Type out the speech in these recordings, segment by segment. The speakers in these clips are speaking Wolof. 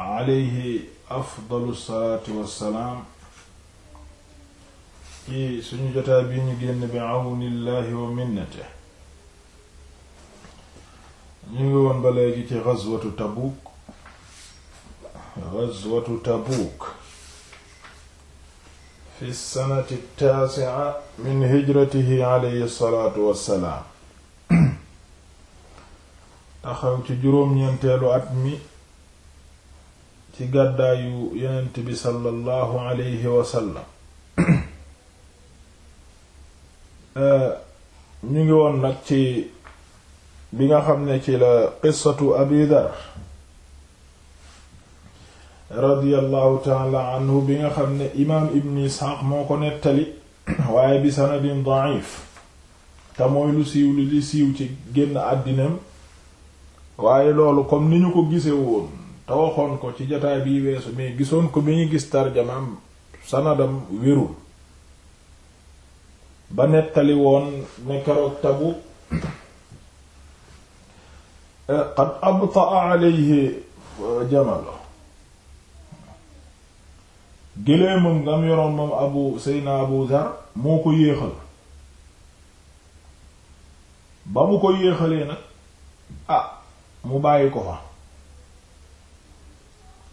alayhi afdalu salaatu wassalaam ci suñu jotaa bi ñu génn bi awnillahi wa minnate ñu ngi woon ba léegi ci ghazwatu Tabuuk ghazwatu Tabuuk fi sanati taasi'a min hijratihi alayhi salaatu wassalaam taxaw ci juróom-ñeenteelu at mi ci gàddaayu yonent bi sallallahu alayhi wa sallam eh, ñu ngi woon nag ci bi nga xam ne ci la qissatu abi dar radiyallahu taala anhu bi nga xam ne imaam ibn isxaaq moo ko nettali waaye bi sanadin da'if te lu siiw li li siiw ci génn àddinam waaye loolu comme ni ñu ko gise woon te ko ci jotaay bii weesu mais gisoon ko bi ñu gis tarjamaam sanadam wérul ba nettali woon ne keroog tabu eh, qad abtaa alayhi eh, jamalo géléemam ngam yoroon moom abu seyna abu dhar moo ko yéexal ba mu ko yéexalee nag ah mu bàyyi ko fa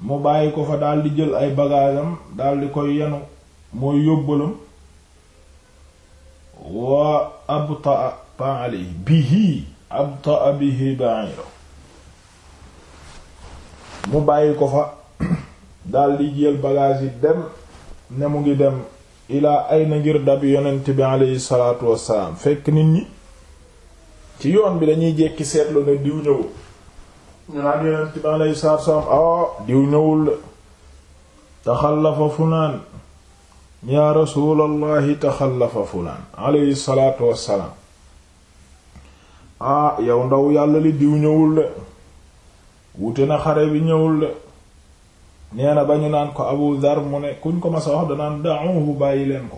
mu bàyyi ko fa dal di jël ay bagaasam daldi koy yenu mooy yóbbalam wa abtaa pa aley bihi abtaa bihi ba'iro mu bàyyi ko fa daldi jël bagaas yi dem ne mu ngi dem ilaa ay na ngir dab yonent bi aleyhi wassalaam fekk nit ñi ci yoon bi dañuy jekki seetlu ne diw ñëw ñu naan yonent bi alayhi salaatu salaam ah diw ñëwul de taxallafa fulaan yaa rasuulallahi taxallafa fulaan alayhi salaatu wassalaam ah yow ndaw yàlla li diw ñëwul de wute na xare bi ñëwul de nee ba ñu naan ko Abu Dhar mu ne kuñ ko ma sa wax danaan da'uhu bàyyi leen ko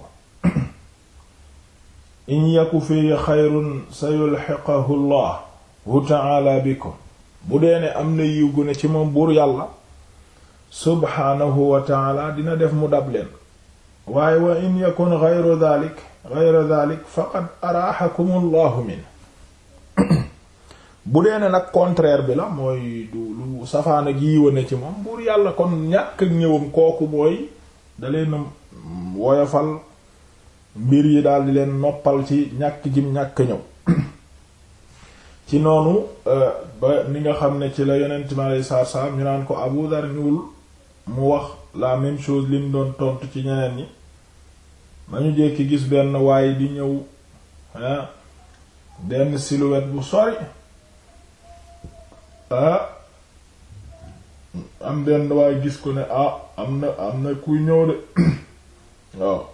in yaku fi xayrun sayulxiqahu llahu ta'ala bikum bu dee ne am na yiw gu ne ci moom buur yàlla subhaanahu wa taala dina def mu dab leen waaye wa in yakun geyru dalik geyru dalik faqad araaxakum min bu dee ne nag contraire bi la mooy du lu safaan ak yiwa ne ci moom buur yàlla kon ñàkk ak ñëwam kooku mooy da leen woyofal mbir yi daal di leen noppal ci ñàkk jim ñàkk ñëw ci noonu euh, ba ni nga xam ne ci la yonent mi alayhi salaatu salaam naan ko Abu Dar ñuul mu wax la même chose li mu doon tontu ci ñeneen ñi ma ñu jékki gis benn waaye di ñëw benn silhouette bu sori ah am benn waaye gis ko ne ah am na am na kuy ñëw de waaw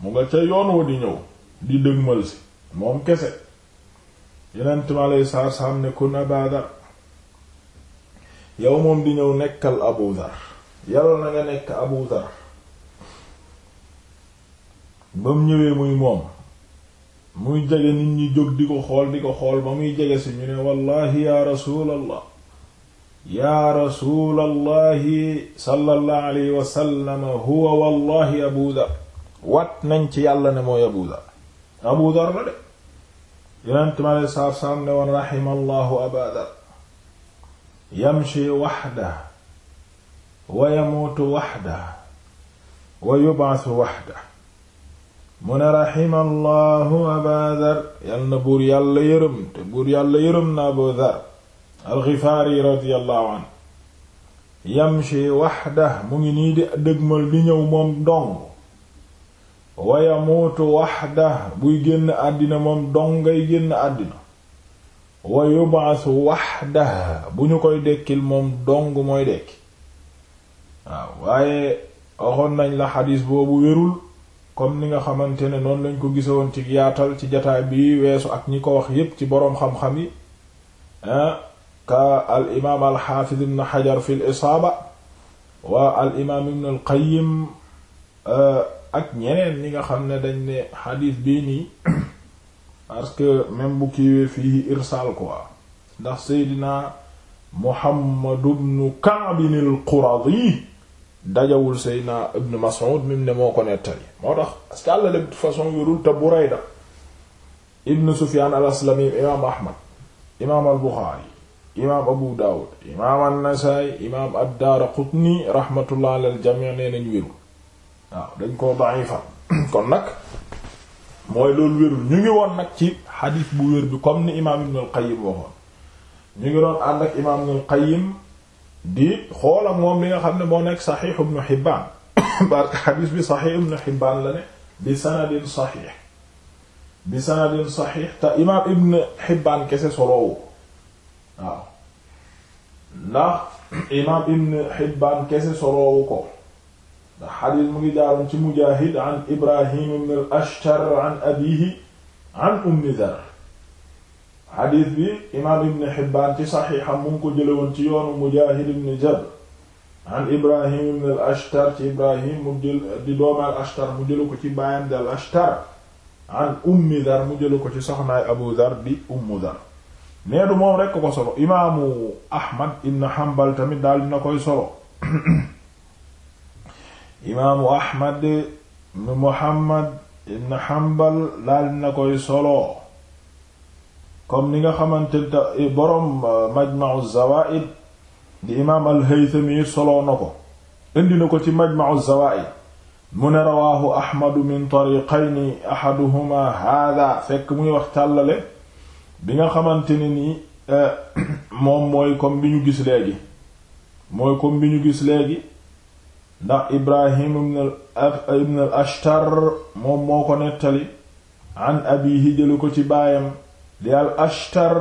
mu nga ca yoon wa di ñëw di dëgmal si moom kese. yonent mi alayhi salaatu wassalaam ne kun Abaa yow moom di ñëw nekkal Abu Dar yàlla na nga nekk Abu ba mu ñëwee muy moom muy jege nit ñi jóg di ko xool di ko xool ba muy jege si ñu ne wallahi ya rasuulallah ya rasuulallahi sallallahu alayhi wa sallam huwa wallahi Abu wat nañ ci yàlla ne mooy Abu Dar Abu de yonent mi aleyhi salaatu salaam raximallahu abaa dar yamshi waxda wa yamuutu waxda wa yubaasu waxda mu ne raximallahu abaa dar na buur yàlla yërëm te buur yàlla yërëm na abaa dar alxifaari radiyallahu anhu yamshi waxda mu ngi nii di dëgmal di ñëw moom dong wa yamuutu waxda buy génn àddina moom ngay génn àddina wa waxda bu ñu koy dekkil moom dong mooy dekki waaw waaye waxoon nañ la xadiis boobu wérul comme ni nga xamante ne noonu lañ ko gisoon ci yaatal ci jataay bi weesu ak ñi ko wax yépp ci boroom xam-xam yi ah, ka al imaam al xaafiz xajar fi l isaaba wa al al qayyim ah, ak ñeneen ñi nga xam ne dañ ne xadiis bii nii parce que même bu kiiwee fii irsaal quoi ndax seydina Muhammad ibn Ka'b al-Quradi dajawul seydina ibn Mas'ud mim ne moo ko nettali moo tax parce que àlla façon yorul te Burayda ibn Sufyan al-Aslami imaam Ahmad imaam al-Bukhari imaam Abu Dawud imaam an-Nasa'i imaam ad-Daraqutni rahmatullah alal jami' nee nañ wérul waaw dañ koo da'ifa kon nag mooy loolu wérul ñu ngi woon nag ci xadiis bu wér bi comme ni imaam Ibn al-Qayyim waxoon ñu ngi doon ànd ak imaam Ibn al di xool moom li nga xam ne moo nekk saxiix Ibn Hibbaan barka bi saxiix Ibn Hibbaan la ne bi sanadin saxiix bi sanadin saxiix te imaam Ibn Hibbaan kese soloowu waaw ndax imaam Ibn Hibbaan kese soloowu ko ndax xadis mu ngi jaaroon ci Mujaahid an Ibrahim ibn al-Ashtar an abiihi an Ummi Dar xadis bi imaam ci saxiixam mu ngi ko jëlewoon ci yoonu mu jël ko ci baayam mu jële ko ci soxnaay Abu Dar di Ummu Dar nee moom rekk ko solo imaamu Ahmad ibn Hanbal tamit daal dina koy solo imaamu ahmad ibn muhammad ibn hanbal daal na koy solo comme ni nga xamante ne boroom euh, majma'u zawaid di imaam al-haythami solo na ko indi na ko ci majma'u zawaid mu ne rawaahu ahmadu min tariqayni ahaduhuma haada fekk muy wax tàllale bi nga xamante ne nii euh, moom mooy comme bi ñu gis léegi mooy kom bi ñu gis léegi ndax ibrahim ibn al ashtar moom moo ko nettali an abihi jëlu ko ci baayam di al ashtar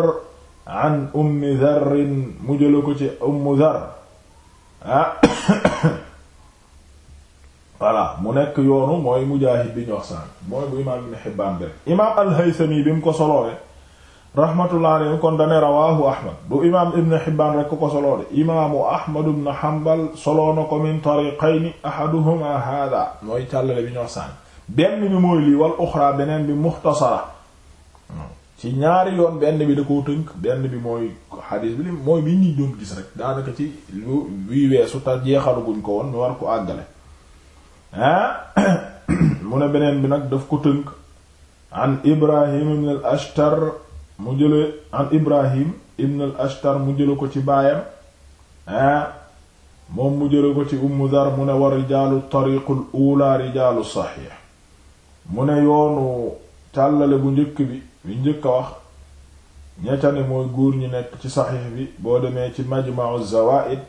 an ummi dharrin mu jëlu ko ci ummu dhar ah voilà mu nekk yoonu mooy mu bi ñu wax sànq mooy bu imaam ibn hibbaan bi rek imaam al haythami bi mu ko soloowe rahmatullah alayhi kon dane rawahu ahmad du imaam ibn hibban rekk ko soloo de imaamu ahmad ibn hanbal soloo na ko min tariqayni ahaduhuma hada mooy càllale bi ñoo sànn benn bi mooy lii wal uxra beneen bi muxtasara ci ñaari yoon benn bi da koo tënk benn bi mooy xadiis bi li mooy bi ñuy doon gis rek daanaka ci lu wii weesu te jeexaluguñ ko woon ñu war ko àggale ah mu ne beneen bi nag daf ko tënk an ibrahim ibn al ashtar mu jële an ibrahim ibn al ashtar mu jële ko ci baayam ah moom mu jële ko ci ummu dar mu ne wa rijaalu tariqul ula rijaalu saxiix mu ne yoonu càllale bu njëkk bi bu njëkk a wax ñettane mooy góor ñi nekk ci saxiix bi boo demee ci majma'u zawaid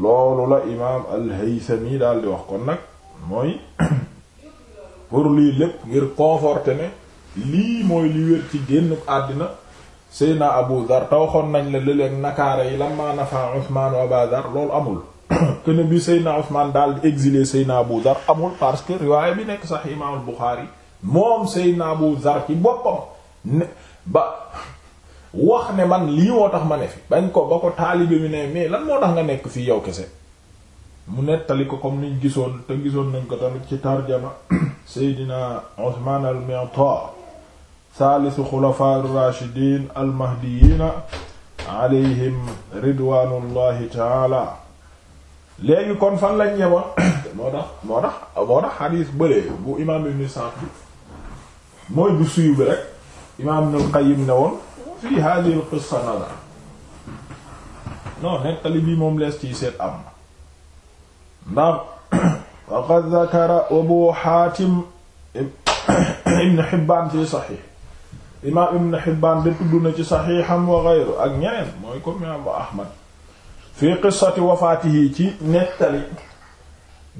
loolu la imaam al-haythami daal di wax kon nag mooy pour lii lépp ngir conforter ne lii mooy li wér ci génn àddina Seyna Abu Dhar tawaxoon nañ la lëleeg nakaara yi lamma nafa Usmaan wa Aba loolu amul kene bi Seyna Usmaan daal di exilé Abu Dhar amul parce que riwaaya bi nekk sax Imaamul Buxaari moom Seyna Abu Dhar ci boppam ne ba wax ne man lii moo tax ma ne fi bañ ko ba ko taalibe bi ne mais lan moo tax nga nekk fii yow kese mu nettali ko comme niñ gisoon te gisoon nañ ko tamit ci tarjama Seydina Usmaan al-Mi'taar saalisu xulafaa rachidin almahdiyina alayhim ridwanullahi taala léegi kon fan lañ yemoon moo tax moo tax moo tax xadiis bële bu imaam ibn Sa'd bi mooy bu suyu bi rek imaam ibn Qayyim ne woon fii hadhihi al qissa nadar non nettali bii moom lees ciy seet am ndax waqad zakara Abu Hatim ibn Hibbaan fi saxiix imaam ibn Hibbaan de tudd na ci saxiixam wa gayru ak ñeneen mooy comme imaamu Ahmad fii qissati wafaatihi ci nettali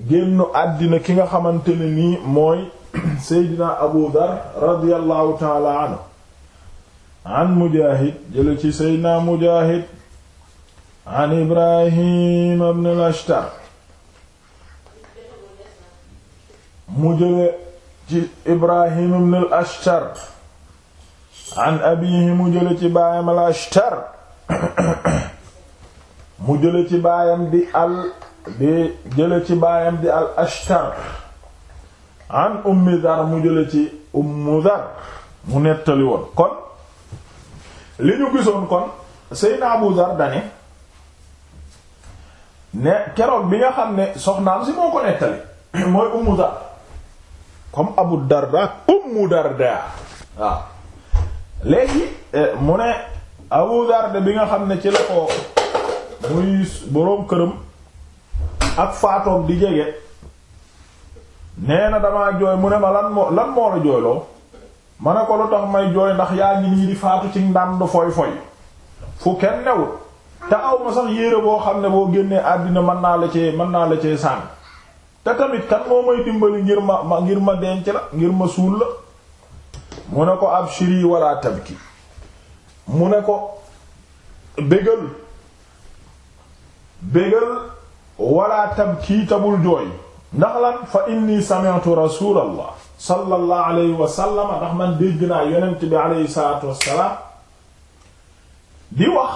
génnu àddina ki nga xamante ne nii mooy Seydina Abu Dhar radiyallahu taala anhu an Mujaahid jële ci Seydina Mujaahid an Ibrahim ibn al mu jële ci Ibrahim ibn al an abihi mu jële ci baayam al ashtar mu jële ci baayam di al di jële ci baayam di al ashtar an ummi dar mu jële ci ummu dar mu nettali woon kon li ñu gisoon kon seyna abu dar dane ne keroog bi nga xam ne soxnaam si moo ko nettali mooy ummu dar comme abu darda ummu darda waaw léegi eh, mu ne Abu bi nga xam ne ci la ko muy boroom këram ak faatoom di jege nee na dama jooy mu ne ma lan moo lan moo la jooyloo ma ne ko lu tax may jooy ndax yaa ngi nii di faatu ci ndànd foy foy fu kenn newul te aw ma sax yére boo xam ne boo génnee àddina mën naa la cee mën naa la cee sànn te tamit kan moo may dimbali ngir ma ngir ma denc la ngir ma suul la mu ne ko abshiri wala tabki mu ne ko bégal bégal wala kii tabul jooy ndax lan fa inni sami'tu rasulallah sallallahu alayhi wa sallam ndax man dégg naa yonent bi alayhi salaatu wassalaam di wax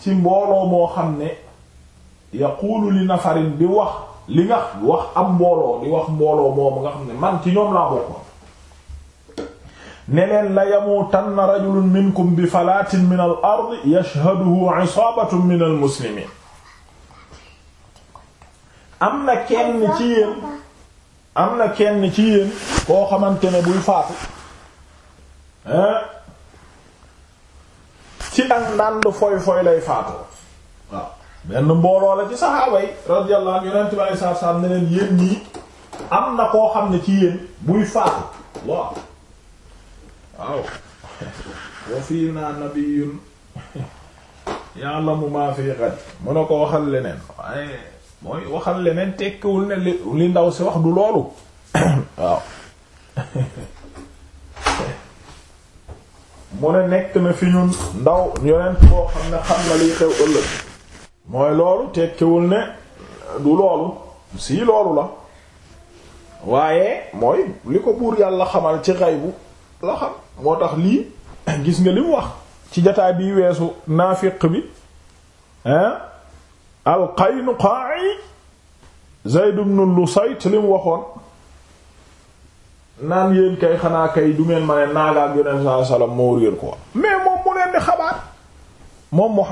ci mbooloo moo xam ne yaquulu li nafarin bi wax li nga wax am mbooloo di wax mbooloo moomu nga xam ne man ci ñoom laa bokk ne leen la yamuutanna rajulun minkum bi falaatin min al ard min al am na kenn ci yéen am na koo xamante ne buy faatu ci ak ndànd foy foy lay faatoo waaw benn mbooloo la ci saxaaba yi radiyallahu bi sallallahu alayhi wasallam ne am na koo xam ne ci yéen buy faatu waaw wa fiina nabiyyun ya'lamu ma fi ghad mu ne ko waxal leneen waaye mooy waxal leneen tekkiwul ne li ndaw si wax du loolu waaw mu ne nekk na fi ñun ndaw yonent boo xam ne xam na liy xew ëllëg mooy loolu tekkiwul ne du loolu si loolu la waaye mooy li ko buur yàlla xamal ci xaybu la xam moo tax lii gis nga li mu wax ci jataay bii weesu naafiq bi hein al Qaynuqaa'i Zayd ibn Lusayt li mu waxoon naan yéen kay xanaa kay du ngeen ma ne naagaak yonent saa sallam moo réer quoi mais moom mu leen di xabaar moom mu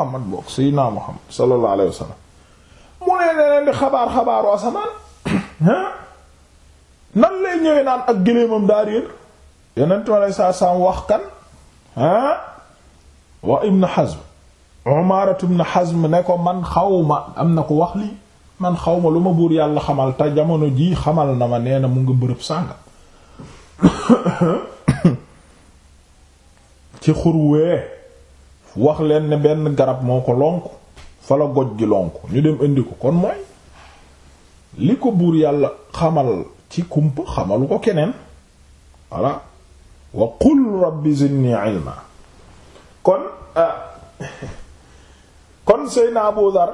ne di xabaar xabaaru asamaan hein nan lay ñëwee naan ak géléemam daa réer yonentu Yàlla saa saam wax kan ah wa Ibn Hazm Umaaratu Ibn Hazm ne ko man xawma am na ko wax lii man ma lu ma buur yàlla xamal te jamono jii xamal na ma nee na mu ngi bërëb sànga ci xurwee wax leen ne benn garab moo ko lonk fa la goj gi lonk ñu dem indi ko kon mooy li ko buur yàlla xamal ci kumpa xamalu ko keneen voilà wa qul rabbi zidni ilma kon ah, kon seyna Abu Dhar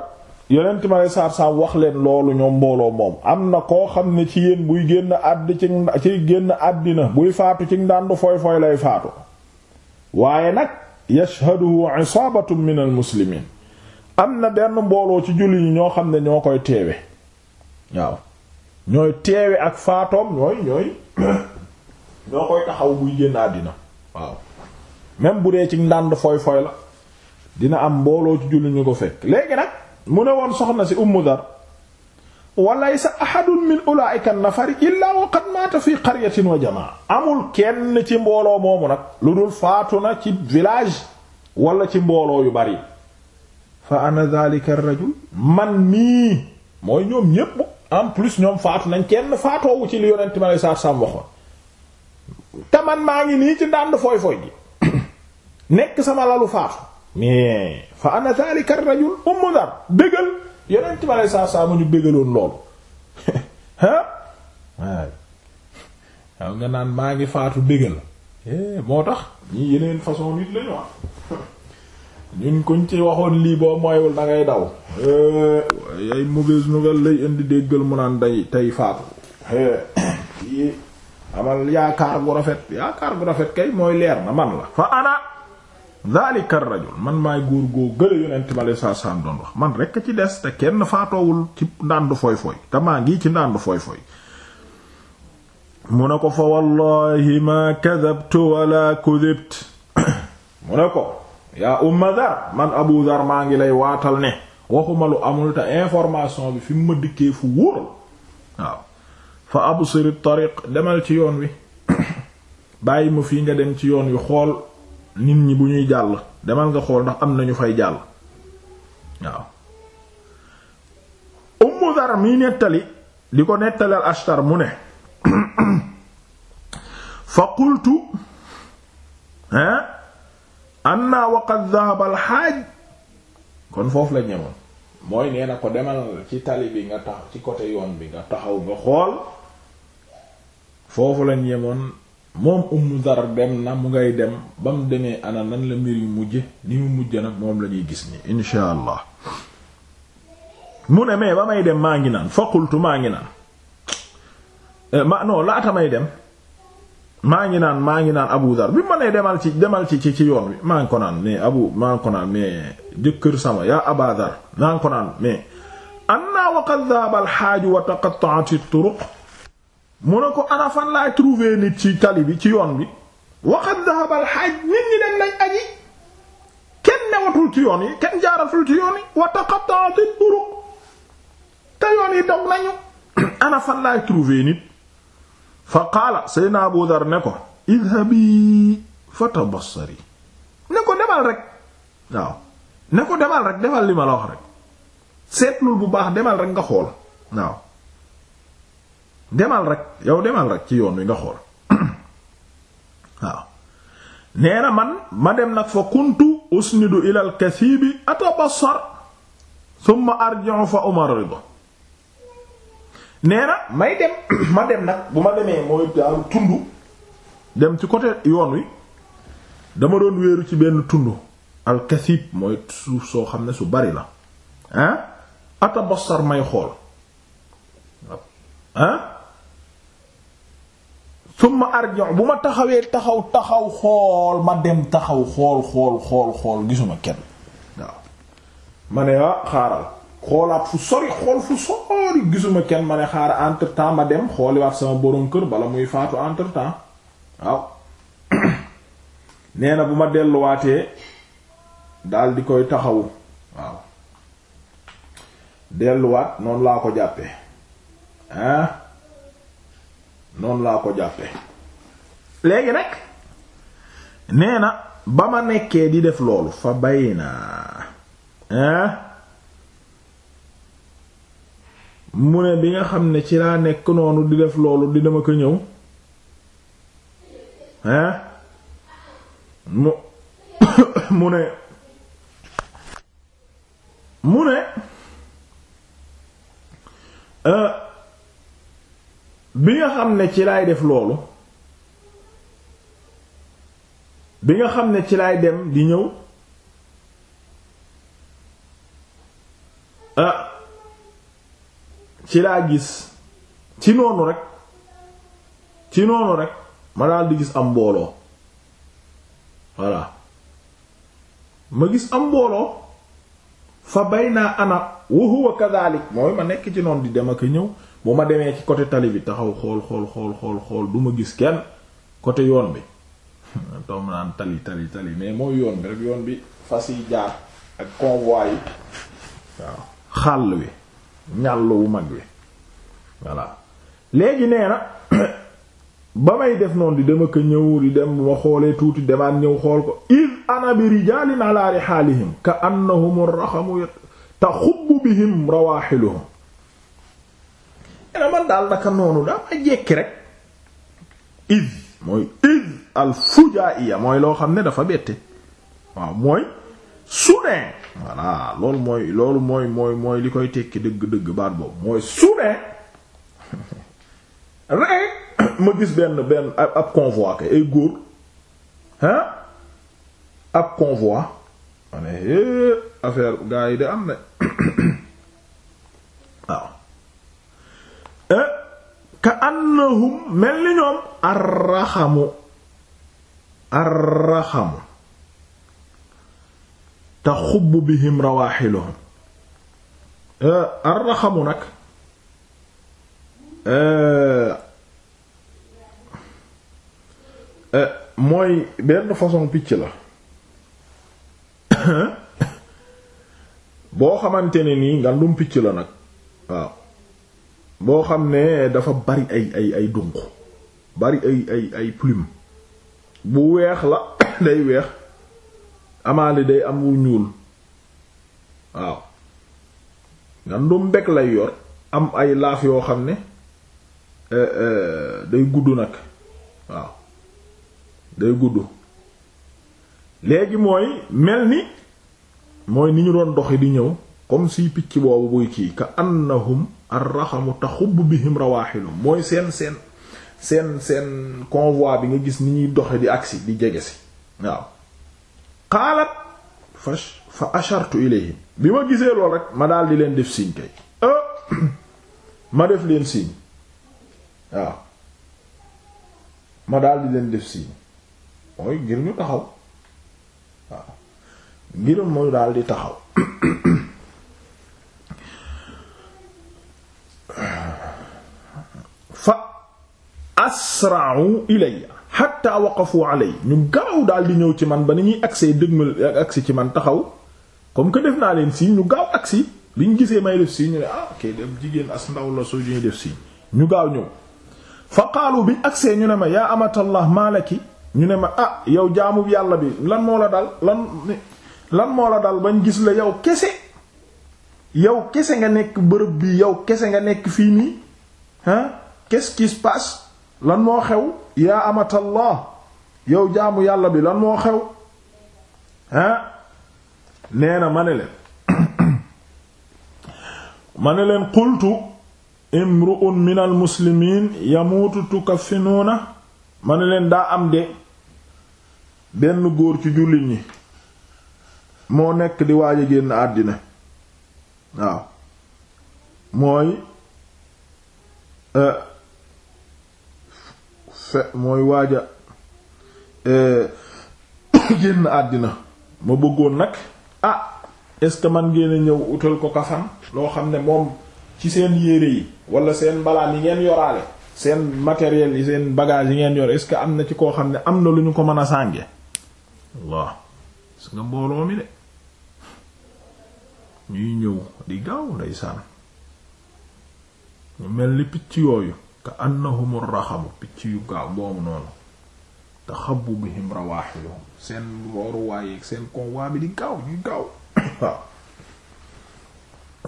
yonent ma wax leen loolu ñoom mbooloo moom am na koo xam ne ci yéen buy génn àdd ci génn àddina buy faatu ci ndàndu fooy fooy lay faatu waaye nag yashhaduhu isaabatun min al am na benn mbooloo ci julli ñi ñoo xam ne ñoo koy teewe waaw ñooy teewe ak faatoom ñooy ñooy ñoo koy taxaw buy génn àddina waaw même bu dee ci ndànd foy foy la dina am mbooloo ci julli ko fekk léegi nag mu ne woon soxna si ummu dar walaysa ahadun min ulaa'ika nafari illaa wa qad maata fi qaryatin wa jamaa amul kenn ci mbooloo moomu nag lu dul faatu na ci village wala ci mbooloo yu bari fa ana dhalika rajul man mii mooy ñoom ñépp en plus ñoom faatu nañ kenn faatoowu ci li yonent ma lay waxoon te man maa ngi nii ci ndànd fooy fooy ji nekk sama lalu faatu mais fa ana dhalika ar-rajul ummu dar bégal yeneen ci ma saa saa ma ñu bégaloon loolu ah waaye waaw nga naan maa ngi faatu bégal eh, moo tax ñii yeneen façon nit lañu wax ah. ñun kuñ ci waxoon lii boo moywul da daw eh, ay mauvaise nouvelle lay indi déggal mu naan day tey faatu eh, amal yaakaar gu rafet yaakaar bu rafet kay mooy leer na man la fa ana zalika ar-rajul man maay góor goo gële yonent ma lay saa doon wax man rekk ci des te kenn faatoowul ci ndànd foy foy te maa ngi ci ndànd foy foy mu ne ko fa wallahi ma kadhabtu wala kudhibt mu ne ko yaa umma dhar man abu dhar maa ngi lay waatal ne waxuma lu amul te information bi fi mu ma dikkee fu wóor waaw fa absir tariq demal ci yoon wi bàyyi ma fii nga dem ci yoon wi xool nit ñi bu ñuy jàll demal nga xool ndax am nañu fay jàll waaw ummu dar miy nettali di ko nettalal ashtar mu ne fa qultu hein anna wa qad dhahaba al hajj kon foofu la ñemoon mooy nee na ko demal ci tali bi nga tax ci côté yoon bi nga taxaw nga xool foofu lañ yemoon moom Ummu Dar dem na mu ngay dem ba mu demee ana nan la mbir yu mujje ni mu mujje nag moom la gis ni insha mu ne mais ba may dem maa ngi naan faqultu maa ngi naan eh, ma laata may dem maa ngi naan maa ngi naan Abu Dar bi ma nee demal ci demal ci ci ci yoon wi maa ngi ko naan mais abu maa ngi ko naan mais jëkkër sama yaa Aba Dar maa ngi ko naan mais anna wa qad dhahaba wa taqatta'at at-turuq mu ne ko ana fan laay trouver nit ci tali bi ci yoon bi waxat dahabal xaaj nit ñi dem nañ aji kenn newatul ci yoon yi kenn jaaratul ci yoon yi wa taqatta'at turuq te yoon yi dog ana fan laay trouver nit fa qaala sayna Abu ne ko idhabi fatabassari ne ko demal rek ne ko demal rek defal li ma rek seetlul bu baax demal rek nga xool demal rek yow demal rek ci yoon wi nga xool waaw nee na man ma dem nag fa kuntu usnidu ila al kasibi atabassar thumma arji'u fa umarridu nee na may dem ma dem nag bu ma demee mooy daal tund dem ci côté yoon wi dama doon wéeru ci benn tund al kasib mooy suuf soo xam ne su bari la ah atabassar may xool ah summa arji'u bu ma taxawee taxaw taxaw xool ma dem taxaw xool xool xool xool gisuma kenn waaw ma ne ah xaaral xoolaat fu sori xool fu sori gisuma kenn ma ne xaaral entre ma dem xooliwaat sama borom kër bala muy faatu entre temps waaw nee na bu ma delluwaatee daal di koy taxawu waaw delluwaat noonu laa ko jàppee ah? noonu laa ko jàppe léegi nag nee na ba ma nekkee di def loolu fa bay naa hein mu ne bi nga xam ne ci laa nekk noonu di def loolu di dama ko ñëw hein mu mu ne mu ne euh, bi nga xam ne ci laay def loolu bi nga xam ne ci laay dem di ñëw ah ci laa gis ci noonu rek ci noonu rekk ma daal di gis am mbooloo voilà ma gis am mbooloo fa bay naa ana wa huwa kadhalik mooy ma nekk ci noonu di dem ak ñëw bu ma demee ci côté tali bi taxaw xool xool xool xool xool du gis kenn côté yoon bi tom naan tali tali tali mais mooy yoon bi rek yoon bi fas yi jaar ak convoi xàll wi ñàll wu mag wi voilà léegi nee na ba may def noonu di dama ko ñëw di dem ma xoolee tuuti demaat ñëw xool ko iz ana bi rijalin ala rihalihim ka annahum raxamu taxubbu bihim rawahiluhum ne man daal naka noonu daa jekki rek id mooy id al fujaiya mooy loo xam ne dafa bette waaw mooy soudain voilà loolu mooy loolu mooy mooy li koy tekki dëgg-dëgg baat boobu mooy soudain rek ma gis benn benn ab convoi kay ay góor ah ab convoi ma ne eh, affaire gars yi de am na waaw Eh? ka annahum mel ni ñoom arraxamu arraxamu te xubb bihim rawaaxiluhum eh, arraxamu nag eh, mooy benn façon picc la boo xamante ne nii nga lum picc la nag waaw boo xam ne dafa bari ay ay ay dunq bari ay ay ay bu weex la day weex amaali day am wu ñuul waaw nga ndum bekk lay yor am ay laaf yoo xam ne eh, eh, day gudd nag waaw day gudd léegi mooy mel ni mooy ni ñu doon doxi di ñëw comme si picc boobu buy kii ka annahum ar-raxamu taxubb bihim rawaaxilum mooy seen seen seen seen convoi bi nga gis ni ñuy doxe di agsi di jege si waaw xaalat fa fa ashartu ilayhim bi ma gisee lool rek ma daal di leen def signe kay eh, ma def leen signe waaw ma daal di leen def signe mooy ngir ñu taxaw waaw ngir mooy daal di taxaw fa asra'u ilayya hatta waqafu alay ñu gaaw daal di ñëw ci man ba ni ñuy agsee dëgmal agsi ci man taxaw comme que def naa leen si ñu gaaw agsi bi ñu gisee may def si ñu ne ah kay dem jigéen as ndaw la soo ñuy def si ñu gaaw ñëw fa qaalu bi agsee ñu ne ma yaa amatallah maalaki ñu ne ma ah yow jaamub yàlla bi lan moo la dal lan lan moo la dal bañ gis la yow kese yow kese nga nekk bërëb bi yow kese nga nekk fii nii qu'est-ce lan moo xew yaa amatallah yow jaamu yàlla bi lan moo xew ah nee na ma ne leen ma ne leen qultu imru'un min al muslimin yamuutu ma ne leen daa am de benn góor ci jullit ñi moo nekk di waaj a génn àddina waaw mooy euh, fe mooy waaja eh, génn àddina ma bëggoon nag ah est-ce que man ngeen a ñëw utal ko kafan loo xam ne moom ci seen yére yi wala seen mbalaan yi ngeen yoraale seen matériel yi seen bagage yi ngeen yor est am na ci koo xam ne am na lu ñu ko mën a sànge waaw su mbooloo mi de ñuy ñëw di gaaw ndeysaan ñu mel ni picc yooyu ka annahum raxamu picc yu gaaw boobu noonu taxabu bihim rawaaxiluhum seen rooru waayeeg seen convoi bi di gaaw ñuy gaaw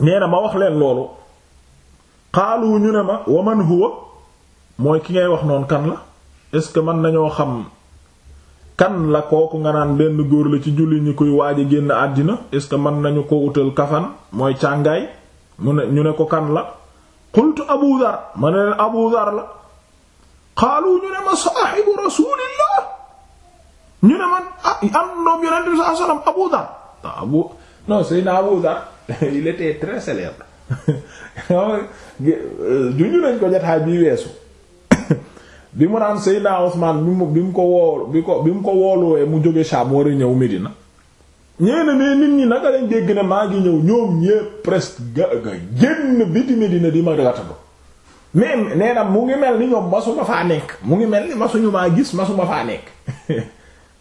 nee na ma wax leen loolu xaalu ñu ne ma waman huwa mooy ki ngay wax noonu kan la est-ce que mën nañoo xam kan la kooku nga naan benn góor la ci julli ñi koy waaj a génn àddina est-ce que mën nañu ko utal kafan mooy càngaay mu ne ñu ne ko kan la qultu abu dhar ma ne la xaalu ñu ne ma saaxibu rasulillah ñu ne man ah am doom yonent bi sallallahu alayhi wasallam abu abu non sayna abu dhar il était très célèbre juñu nañ ko jotaay bii weesu bi mu naan sayna Usman bi mu bi mu ko woolu bi ko mu jóge Sham ñëw Medina ñeena ne nit ñi naka lañ dégg ne maa ngi ñëw ñoom ñépp presque ga ga génn biti Medina di ma gàttandoo mais nee mu ngi mel ni ñoom masuma faa nekk mu ngi mel ni masuñu maa gis masuma faa nekk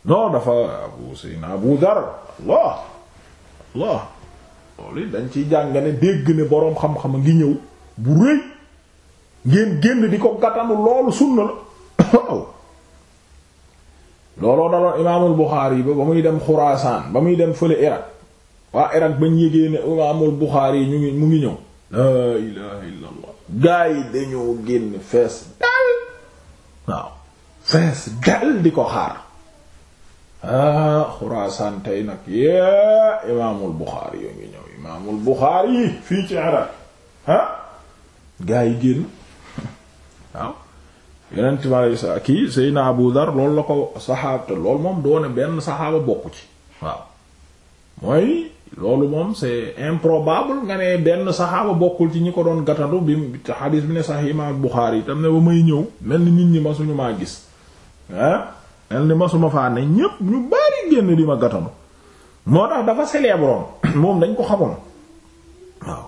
non dafa abu sayna abu dar allah allah loolu dañ ciy jàng ne dégg ne boroom xam-xam a ngi ñëw bu rëy ngeen génn di ko gàttandu loolu sunna la oh. looloo daloon imaamul Buxaari ba ba muy dem Xuraasaan ba muy dem fële Irak waa Irak bañ yégee ne imaamul Buxaari ñu ngi mu ngi ñëw laa ilaha illa allah dañoo génn fees dal waaw fees dal di ko xaar ah Xuraasaan tey nag yee imaamul Buxaari yoo ngi ñëw imaamul Buxaari fii ci Irak ah gaa yi génn waaw yeneen timaale sa kii Seyna Abu Dar loolu la ko saxaaba te loolu moom doone benn saxaaba bokku ci waaw mooy loolu moom c'est improbable nga ne benn saxaaba bokkul ci ñi ko doon gatandu bi xadiis bi ne sax imaam Buxaari tam ne ba may ñëw mel ni nit ñi ma suñu maa gis ah mel ni ma suma faa ne ñépp ñu bari génn di ma gatandu moo tax dafa célébroon moom dañ ko xamoon waaw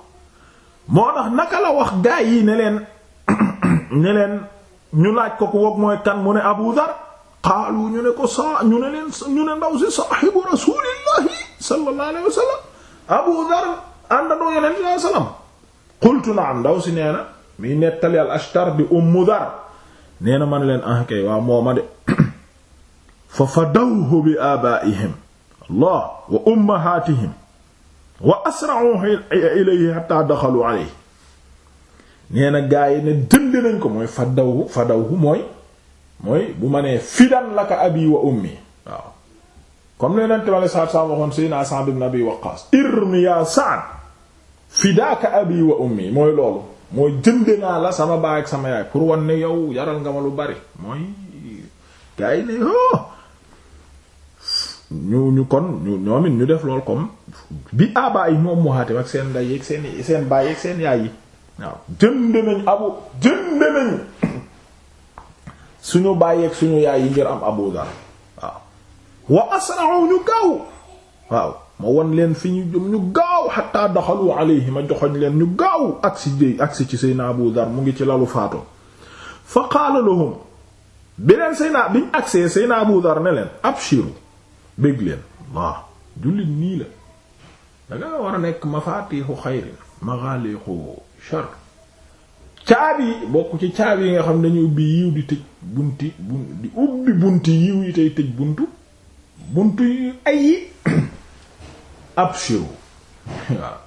moo tax naka la wax gaa yi ne leen ne leen. ñu laaj ko ku woog mooy kan mu ne Abu Dhar qaalu ñu ne ko sa ñu ne leen ñu ne ndaw si saahibu rasulillahi sallallahu alayhi wa sallam Abu Dhar àndandoo yeneen sallallahu alayhi qultu na'am ndaw si nee na miy nettali al ashtar bi Ummu Dhar nee na man leen ah kay waa mooma de fa fadawhu bi abaa'ihim Allah wa ummahaatihim wa asra'uhu ilayhi hatta daxalu alayhi nee gaa yi ne dënd nañ ko mooy fadaw fadawhu mooy mooy bu ma nee fidan laka abi wa ummi waaw comme ne nente ma le saat saam waxoon sayna Sa'd ibn Abi Waqqas irmi ya Sa'd fidaaka abi wa ummi mooy loolu mooy jënd naa la sama baay ak sama yaay pour wan ne yow yaral nga ma lu bari mooy gaa yi ne oh! ñu ñu kon ñu ñoom ñu def lool comme bi abaa yi mu ummahatim ak seen ndey ak seen seen baay ak seen yaay yi waaw jënd nañ abu jënd nañ suñu baay suñu yaay yi ngir am abu dar waaw wa asra'u ñu gaaw waaw ma won leen fi ñu jëm ñu gaaw xataa daxalu alayhi ma joxoñ leen ñu gaaw agsi jëy agsi ci sayna abu dar mu ngi ci lalu faatoo fa qaala lahum bi leen sayna biñ agsee sayna abu dar ne leen abshiru bég leen waaw jullit nii la danga war a nekk mafaatiixu xayrin maghaliqu charte caabi yi bokk ci caabi yi nga xam ne dañu ubbi yiw di tëj bunti di ubbi bunti yiw yi tey tëj buntu buntu yu ay yi abshiru waaw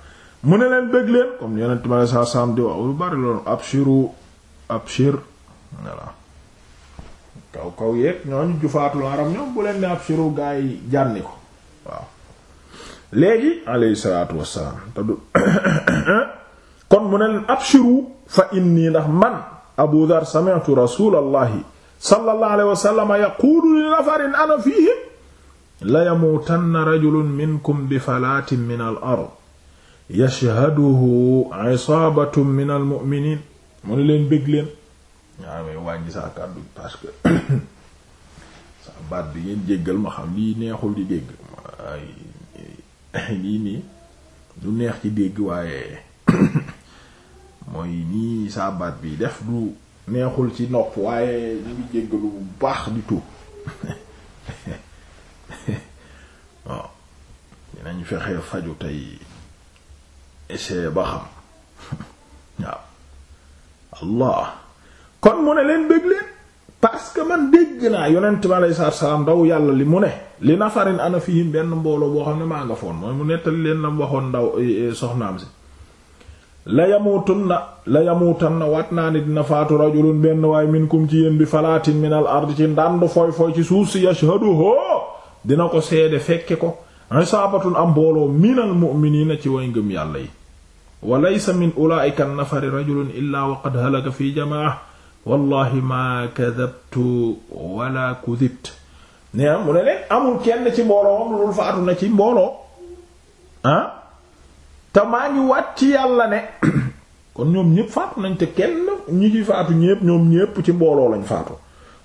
mu ne leen bëgg leen comme yonent ma saa saam wax lu bari loolu abshiru abshir voilà kaw kaw yeeg ñooñu jufaatul arab ñoom bu leen ne abshiru gaa yi jànni ko waaw léegi alayhi salaatu wassalaam kon mu ne leen abshiru fa inni ndax man abu dhar sami'tu rasulallahi sallallahu alayhi wa sallam yaquulu li nafarin ana mu ne leen bëgg leen ñaa saa kàddu parce que saa ma xam lii neexul di dégg ay neex ci dégg waaye mooy nii saa baat bi def du neexul ci nopp waaye ñu ngi jéggalu bu baax di tuub waaw dinañ fexee faju tey essayer ba xam waaw allah kon mu ne leen bëgg leen parce que man dégg naa yonent bi aleyhi salaatu salaam ndaw yàlla li mu ne li nafarin ana fihim benn mbooloo boo xam ne maa nga foon mooy mu nettali leen na waxoon ndaw eh, eh, soxnaam si la yamuutun na la yamuutan na waat naa ni dina faatu rajulun benn waay minkum ci yéen bi falaatin min al ard ci ndànd foy ci suuf si yashhaduhu dina ko seede fekke ko isaabatun am mbooloo minal mu'miniina ci way ngëm yàlla yi wa laysa min ulaa'ika nafari rajulun illaa wa qad halaka fi jamaa wallahi maa kadabtu wala kudibt nee mu ne leen amul kenn ci mbooloo am lu faatu na ci mbooloo ah te maa ngi waat yàlla ne kon ñoom ñépp faatu nañ te kenn ñi ci faatu ñépp ñoom ñépp ci mbooloo lañ faatu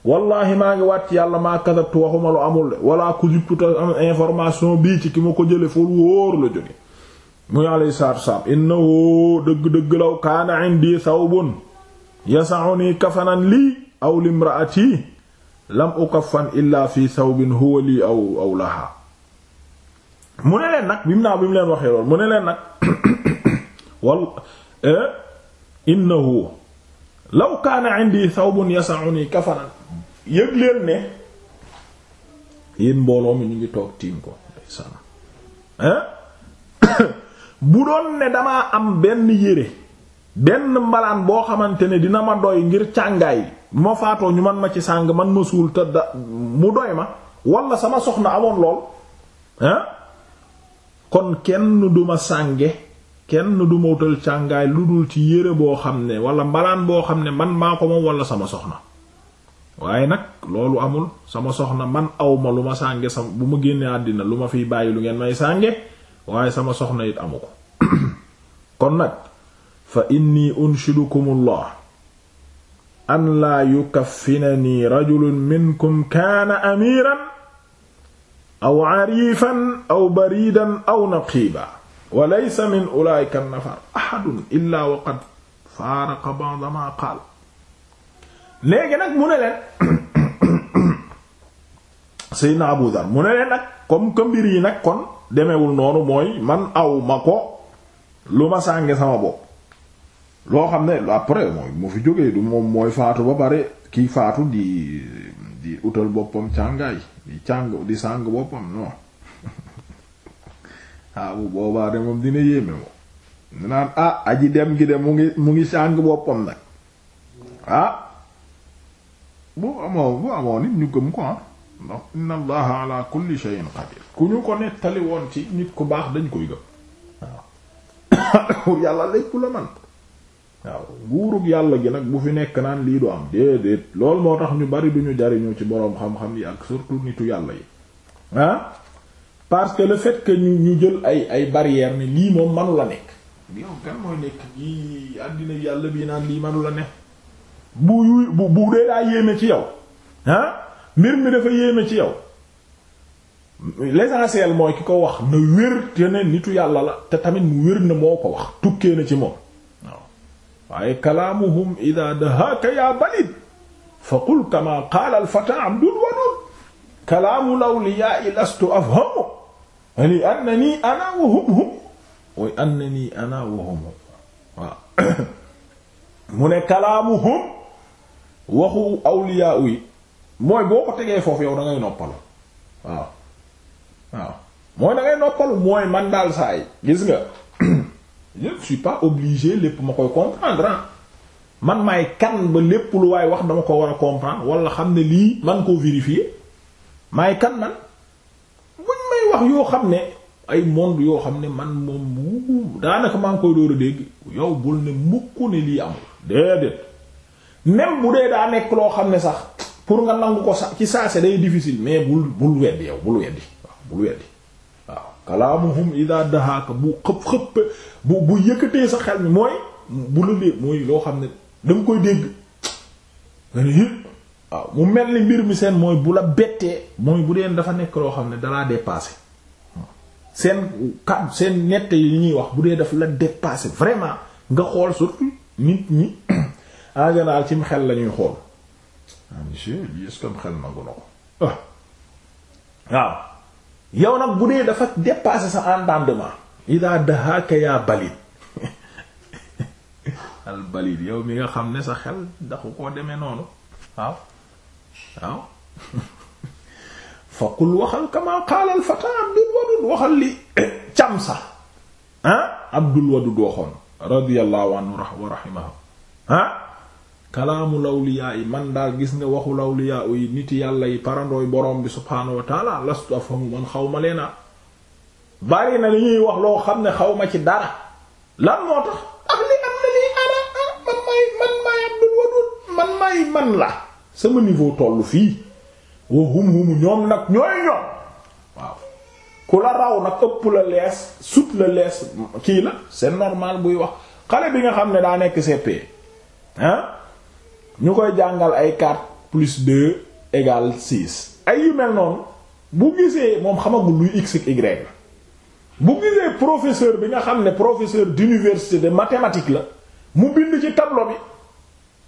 wallahi maa ngi waat yàlla maa kasabtu waxuma lu amul de walla kusibtu te am information bii ci ki ma ko jële fool wóor la jóge muy alayhi salaatu wasalaam innahu dëgg-dëgg law kaana indi thawbun yas'uni kafanan lii aw limraati lam ukafan illa fi thawbin huwa lii aw aw mu ne leen nag bi mu naaw bi mu leen waxee lool mu ne leen nag wal eh, innahu law kaana indi thawbun yas'uni kafanan yëg leen ne yéen mbooloo mi ñu ngi toog tiim ko eh? bu doon ne damaa am benn yére benn mbalaan boo xamante ne dina ma doy ngir càngaay ma faatoo ñu man ma ci sàng man ma suul te mu doy ma wala sama soxna amoon lool eh? kon kenn duma sànge kenn duma wutal càngaay lu dul ci yére boo xam ne wala mbalaan boo xam ne man maa ko wala sama soxna waaye nag loolu amul sama soxna man awma lu ma sànge sama bu ma génnee àddina lu ma fiy bàyyi lu ngeen may sànge waaye sama soxna it amu kon nag fa inni unshidukumullah an laa yukaffinani rajulun minkum kaana amiran aw ariifan aw bariidan aw naqiiba wa laysa min ulaa'ika an-nafar ahadun léegi nag mu ne leen Seydina Abu Dhar mu ne leen nag comme que yi nag kon demewul noonu mooy man aw ma ko lu ma sànge sama bopp loo xam ne après mooy mu fi jógee du moom mooy faatu ba pare kii faatu di di utal boppam càngaay di càng di sàng boppam non ah bu boobaa de moom dina yéeme moom ñu naan ah aji dem gi de mu ngi mu ngi sàng boppam nag a ah. bu amoon bu amoon nit ñu gëm ko ah ndax inna allaha ala kulli ku ñu ko nettali woon ci nit ku baax dañ koy gëm waaw yàlla lépp la man waaw nguurug yàlla gi nag bu fi nekk naan lii du am déedéet loolu moo tax ñu bari du ñu jariñu ci boroom xam-xam yi ak surtout nitu yàlla yi ah parce que le fait que ñu ñu jël ay ay barrières ni lii moom manu la nekk yow kan mooy nekk lii àddina yàlla bii naan lii manu la ne bu bu bu dee daa yéeme ci yow ah mbir mi dafa yéeme ci yow l'essentiel mooy ki ko wax na wér te ne nitu yàlla la te tamit mu wér na moo ko wax tukkee na ci moom waaye kalaamuhum ida dahaaka yaa balid fa qul kama qaala alfata abdul wadud kalaamu lawliyaai lastu afhamu li ana wa hum hum way ana wa hum hum mu ne kalaamuhum waxu awliyaa mooy boo ko tegee foofu yow da ngay noppalu mooy man daal saay gis nga je ne suis pas obligé lépp ma koy comprendre ah man may kan ba lépp lu waay wax dama ko war a comprendre wala xam ne lii man koo vérifier maay kan man buñ may wax yoo xam ne ay monde yoo xam ne man moom daanaka maa ngi koy door a dégg yow bul ne mukk ne lii amul déedéet même bu dee daa nekk loo xam ne sax pour nga nangu ko sax ci saase day difficile mais bul bul weddi yow bul weddi waaw bul weddi kalaamuhum ida dahaaka bu xëpp xëpp bu bu yëkkatee sa xel mi mooy bu la dee mooy loo xam ne danga koy dégg nga ne hit waaw mu mel ni mbir mi seen mooy bu la bettee mooy bu dee dafa nekk loo xam ne dalaa dépassé seen kàddu seen nette yi ñuy wax bu dee daf la dépassé vraiment nga xool surtout nit ñi en général cim xel lañuy xool ah monsieur ah. waaw yow nag bu dee dafa dépasser sa entendement ida dahaka yaa balid al yow mi nga xam ne sa xel daxu koo demee noonu waaw waaw faqul waxal kama qaala al fata abdul wadud waxal li cam sa ah abdul wadud waxoon radiyallahu anhu wa kalaamu lawliyaa yi man daal gis ne waxu lawliyaa yi nit yàlla yi parandooy borom bi subhaanahu wa taala lastu afhamu man xaw ma leena bari na li ñuy wax loo xam ne xaw ma ci dara lan moo tax ak li am na lii ana ah, man may man la sama niveau tollu fii wa hum humu ñoom nag ñooy ñoom waaw ku la raw nag ëpp la lees sut la lees kii la c'est normal buy wax xale bi nga xam ne daa nekk CP ah? ñu koy jàngal ay 4 plus de égale 6 ay yu mel noonu bu gisee moom xamagul luy x ak la bu gisee professeur bi nga xam ne professeur d'université de mathématiques la mu bind ci tableau bi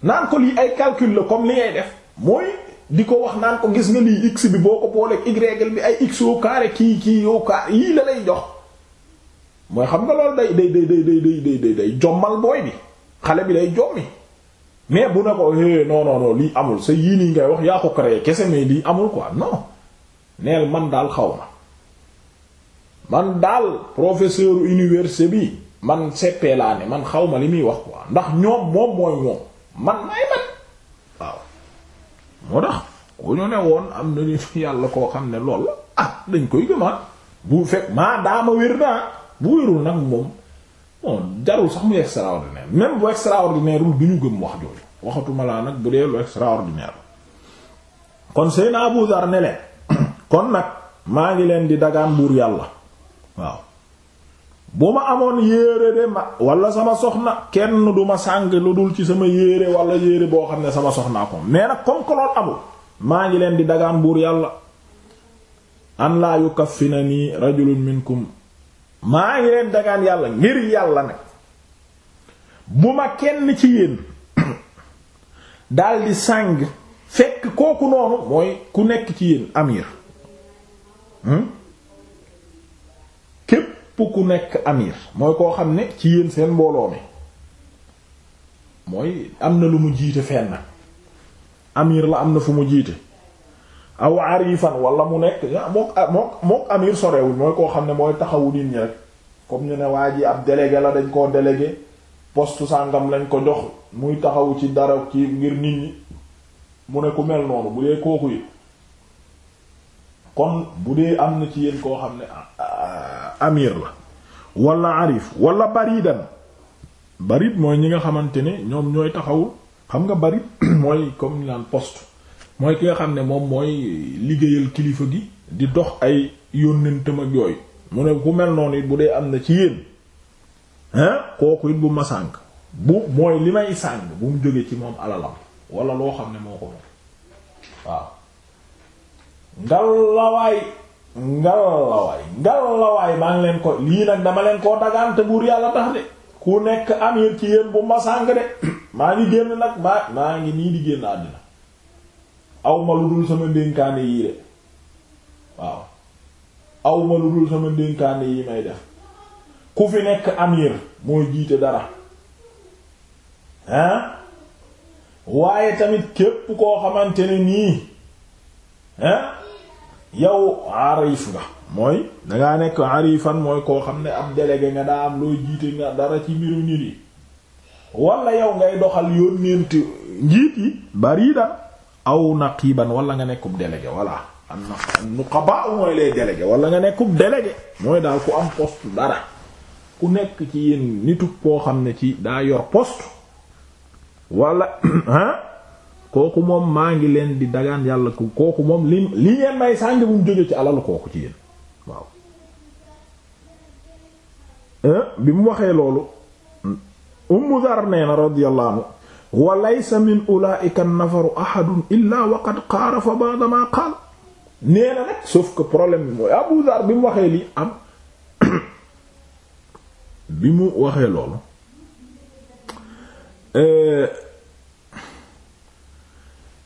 naan ko lii ay calcul la comme li ngay def mooy di ko wax naan ko gis nga lii x bi boo ko booleeg y bi ay x au carré kii kii au carré yii la lay jox mooy xam nga loolu day day day day day day day day jommal booy bi xale bi day jommi. mais bu ne ko eh non non lii amul sa yii nii ngay wax yaa ko créé kese mais lii amul quoi man daal xaw man daal professeur université bi man seppee laa ne man xaw li muy wax quoi ndax ñoom moom mooy woon am na ni yàlla koo xam ne lool ah dañ koy gëmaat bu fekk maa daama wér naa bu wérul nag moom. bon jarul sax mu extraordinaire même bu extraordinaire ul ñu gëm wax jooju waxatuma laa nag bu dee lu extraordinaire kon Seydina Abu Dar ne kon nag maa ngi leen di dagaan buur yàlla waaw bu ma amoon yéere de ma wala sama soxna kenn du ma sàng lu dul ci sama yéere wala yéere boo xam ne sama soxnaa ko mais nag comme que lool amul maa ngi leen di dagaan buur yàlla an laa yukaffina nii rajulun minkum maa ngi leen dagaan yàlla ngir yàlla nag bu ma kenn ci yéen daldi sàng fekk kooku noonu mooy ku nekk ci yéen amir hmm? képp ku nekk amir mooy koo xam ne ci yéen seen mbooloo mi mooy am na lu mu jiite fenn amir la am na fu mu jiite aw arifan wala mu nekk mook mook mook amir sorewul mooy koo xam ne mooy taxawu nit ñi rek comme ñu ne waa ji ab délégué la dañ koo délégué poste sàngam lañ ko jox muy taxawu ci dara ci ngir nit ñi mu ne ku mel noonu bu dee kooku yi kon bu dee am na ci yéen koo xam ne ah, amir la walla arif wala baridan barid mooy ñi nga xamante ne ñoom ñooy taxawul xam nga barid mooy comme ñu naan post mooy ki nga xam ne moom mooy liggéeyal kilifa gi di dox ay yónnentam ak yooyu mu ne ku mel noonu bu dee am na ci yéen hein kooku it bu ma bu mooy li may sànk bu mu jógee ci moom alalam wala loo xam ne moo ko moom waaw ngalawaay ngalawaay ngalawaay maa ngi leen ko lii nag dama leen koo dagante buur yàlla tax de ku nekk amir ci yéen bu ma de maa ngi génn nag maa maa ngi nii di génn àddina awma lu dul sama ndénkaane yii de waaw awma lu dul sama ndénkaane yi may def ku fi nekk amir moo jiite dara hein waaye tamit képp koo xamante ne nii hein yow arif nga mooy dangaa nekk arifan mooy koo xam ne ab délégué nga daa am looy jiite nga dara ci mbiru nit yi wala yow ngay doxal yónnent njiit yi bari aw naqiban walla nga nekkub délégué voilà am na nuqaba wala nga nekkub délégué mooy daal ku am poste dara ku nekk ci yéen nitu koo xam ne ci daa yor poste wala ah kooku moom maa ngi leen di dagaan yàlla kooku moom li li ngeen may sànni bu mu jóge ci alalu kooku ci yéen waaw. bi mu waxee loolu Ummu Dar nee na radiyallahu wa laysa min ulaa'ika nafaru ahadun illa waqad qaarafa ba'da ma qaal nee na nag sauf que problème bi mooy bi mu waxee lii am bi mu waxee loolu euh,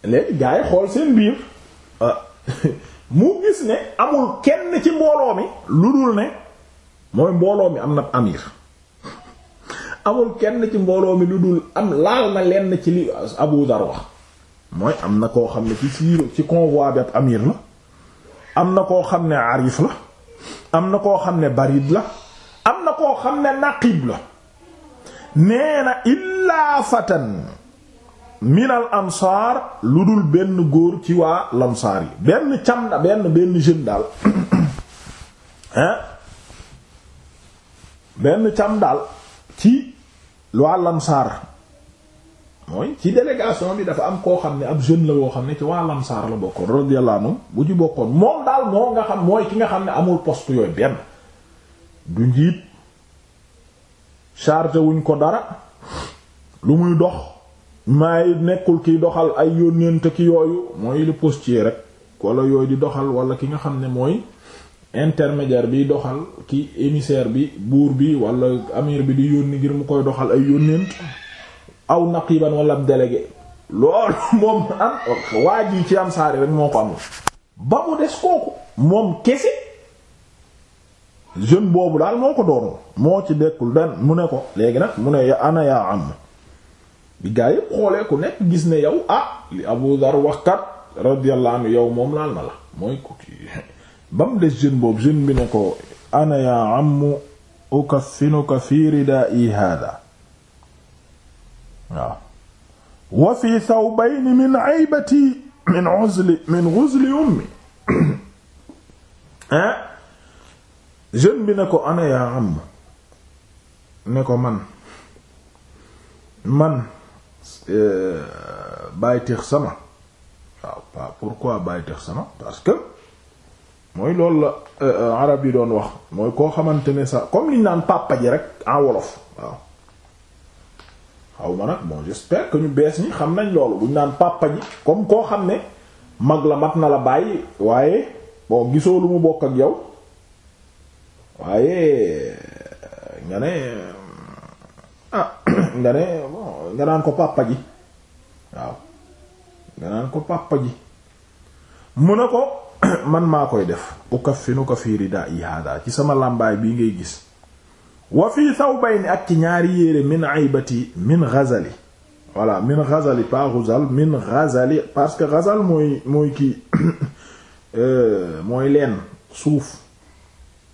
léegi gaa yi xool seen biir ah, mu gis ne amul kenn ci mbooloo mi lu dul ne mooy mbooloo mi am na amir amul kenn ci mbooloo mi lu dul am laal na lenn ci li Abu Dar wax mooy am na koo xam ne ci siiro ci convoi bi ab amir la am na koo xam ne arif la am na koo xam ne barid la am na koo xam ne naqib la nee na illaa fatan minal ansaar lu dul benn góor ci waa lansaar yi benn cam na benn benn jeune daal hein benn cam daal ci lu àllamsaar mooy ci délégation bi dafa am koo xam ne ab jeune la woo xam ne ci waa lamsaar la bokkoon radiyallahu anhu bu ci bokkoon moom daal moo nga xam mooy ki nga xam ne amul poste yooyu benn du njiit chargé wuñ ko dara lu muy dox maay nekkul kiy doxal ay yónnent ki yooyu mooy le postier rek wala yooyu di doxal wala ki nga xam ne mooy intermédiaire bi doxal ki émissaire bi buur bi wala amir bi di yónni ngir mu koy doxal ay yónnent aw naqiban wala ab délégué loolu moom am waa ji ci am saari rek moo ko amul ba mu des kooku moom kese jeune boobu daal moo ko doonul moo ci dekkul benn mu ne ko léegi nag mu ne ana yaa am bi gaa yëpp xoolee nekk gis ne yow ah li Abu Dhar waxkat radiyallahu anhu yow moom laal na la mooy ko kii ba mu des jeune boobu jeune bi ne ko ana yaa ammu ukaffinuka fi ridaa'i haadaa wa fi thawbayni min aybati min ghusli min ghusli ummi eh? ne ko ana yaa am ne ko man man eh, bàyyi sama parce que mooy loolu la euh, euh, arab yi doon wax mooy koo xamante ne sa comme liñ naan papa ji rek en wolof waaw xaw ma nag bon j'espère que ñu bees ñi xam nañ loolu buñ naan pàppa ji comme koo xam ne mag la mat na la bàyyi waaye bon gisoo lu mu bokk ak yow waaye nga ne ah nga ne nga naan ko pàppa ji waaw nga naan ko papa ji mun na ko. man maa koy def ukaffinuka fii ridaa'i haadaa ci sama làmbaay bii ngay gis wa fii thawbayni ak ci ñaari yére min aybati min ghazali voilà min ghazali pas ghazal min parce que ghazal mooy mooy kii euh, mooy leen suuf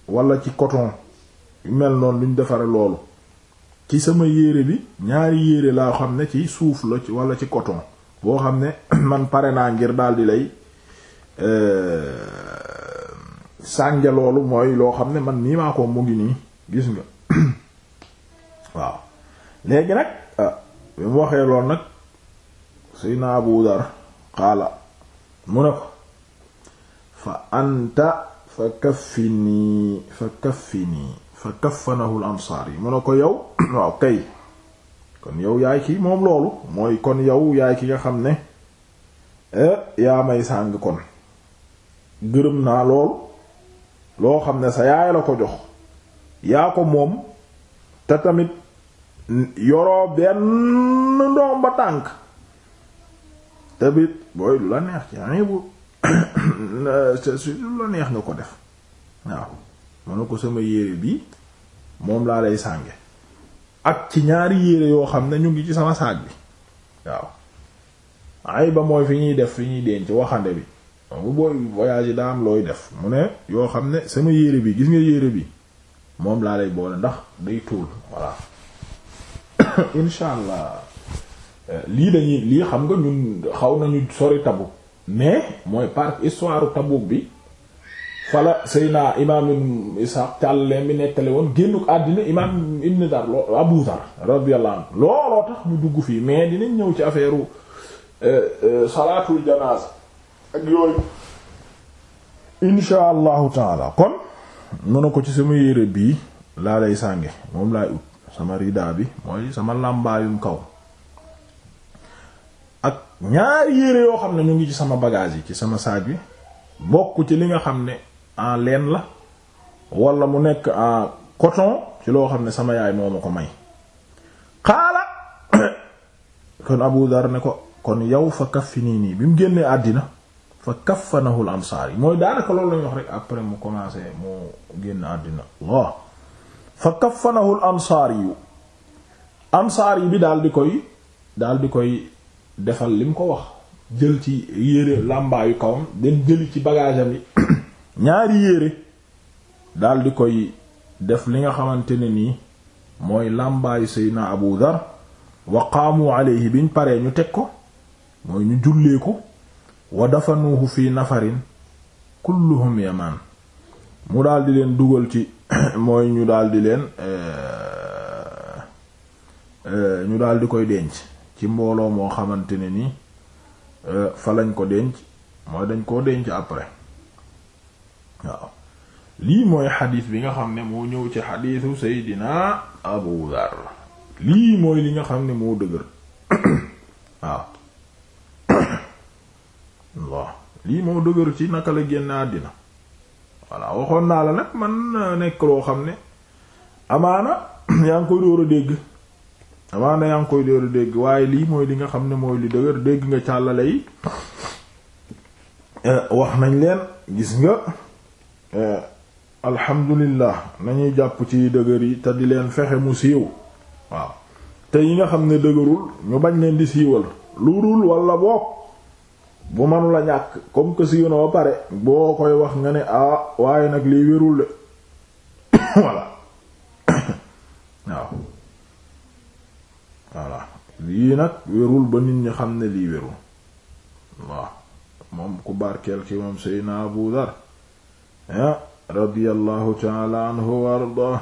wala ci coton mel noonu luñ defare loolu ci sama yére bi ñaari yére laa xam ne ci suuf la ci wala ci coton boo xam ne man pare naa ngir daal di lay Euh, sànge loolu mooy loo xam ne man nii maa ko mu ngi nii gis nga waaw léegi nag ah, bi mu waxee loolu nag sayna Abu Dar xaala mu ne ko fa anta fa kaffini fa kaffini fa kaffanahu ansaar yi mu ne ko yow waaw kay kon yow yaay ki moom loolu mooy kon yow yaay ki nga xam ne eh, yaa may sàng kon gërëm naa lool loo xam ne sa yaay la ko jox yaa ko moom te tamit yoroo benn ndoom ba tànk tamit booy lu la neex ci ani bu lu la neex nga ko def waaw mën na ko sama yére bi moom laa lay sànge ak ci ñaari yére yoo xam ne ñu ngi ci sama saag bi waaw ay ba mooy fi ñuy def fi ñuy denc waxande bi xam nga booy voyage yi daa am looy def mu ne yoo xam ne sama yére bi gis nga yére bi moom laa lay boole ndax day tóol voilà incha euh, lii dañuy lii xam nga ñun xaw nañu sori Tabuk mais mooy par histoire Tabuk bi fala Seyna imaam Isaaq càlleen bi nettali woon génnuk àddina imaam ibn Dar loo Abu Dar radiyallahu anhu looloo tax mu dugg fii mais dinañ ñëw ci affaire euh, euh, salaatul janaasa ak yooyu insha allahu taala kon mën na ko ci sama yére bii laa lay sànge moom laay ut sama ridaa bi mooy sama làmbaayum kaw ak ñaari yére yoo xam ne ñu ngi ci sama bagage yi ci sama saaj bi bokk ci li nga xam ne en laine la wala mu nekk en coton ci loo xam ne sama yaay moo ma ko may xaala kon Abu Dar ne ko kon yow fa kaf fi nii nii bi mu génnee àddina fa kaffanahu al yi mooy daanaka loolu lañu wax rek après mu commencé mu génn àddina Allah fa kaffanahu al-ansaari ansaari bi daal di koy daal di koy defal li mu ko wax jël ci yére làmbaayu kawam dem jëli ci bagage am yi ñaari yére dal di koy def li nga xamante ne nii mooy làmbaayu Seydina Abu Dhar wa qaamu alayhi biñ paree ñu teg ko mooy ñu jullee wa dafanuuhu fi nafarin kulluhum yamaan mu daldi leen dugal ci mooy ñu daldi leen eh, eh, ñu daldi koy denc ci mbooloo moo xamante ne ni eh, fa lañ ko denc mooy dañ koo denc après waaw lii mooy xadiis bi nga xam ne moo ñëw ci xadiisu Seydina Abu Dhar lii mooy li nga xam ne moo dëgër waaw waaw lii moo dëgër ci naka la génn àddina voilà waxoon naa la nag man euh, nekk loo xam ne amaana yaa ngi koy dóor a dégg amaana yaa ngi koy dóor a dégg waaye lii mooy li nga xam ne mooy li dëgër dégg nga càllale yi euh, wax nañ leen gis nga euh, alhamdulillah nañuy jàpp ci dëgër yi te di leen fexe mu siiw waaw te yi nga xam ne dëgërul ñu bañ leen di siiwal lu rul walla bopp bu manu la ñàkk comme que pare boo koy wax nga ne ah waaye nag liy wérul de voilà waaw voilà lii nag wérul ba nit ñi xam ne lii wérul waaw moom ku barkeel ki moom Seydina Abu Dar ah radiyallahu wa ardaa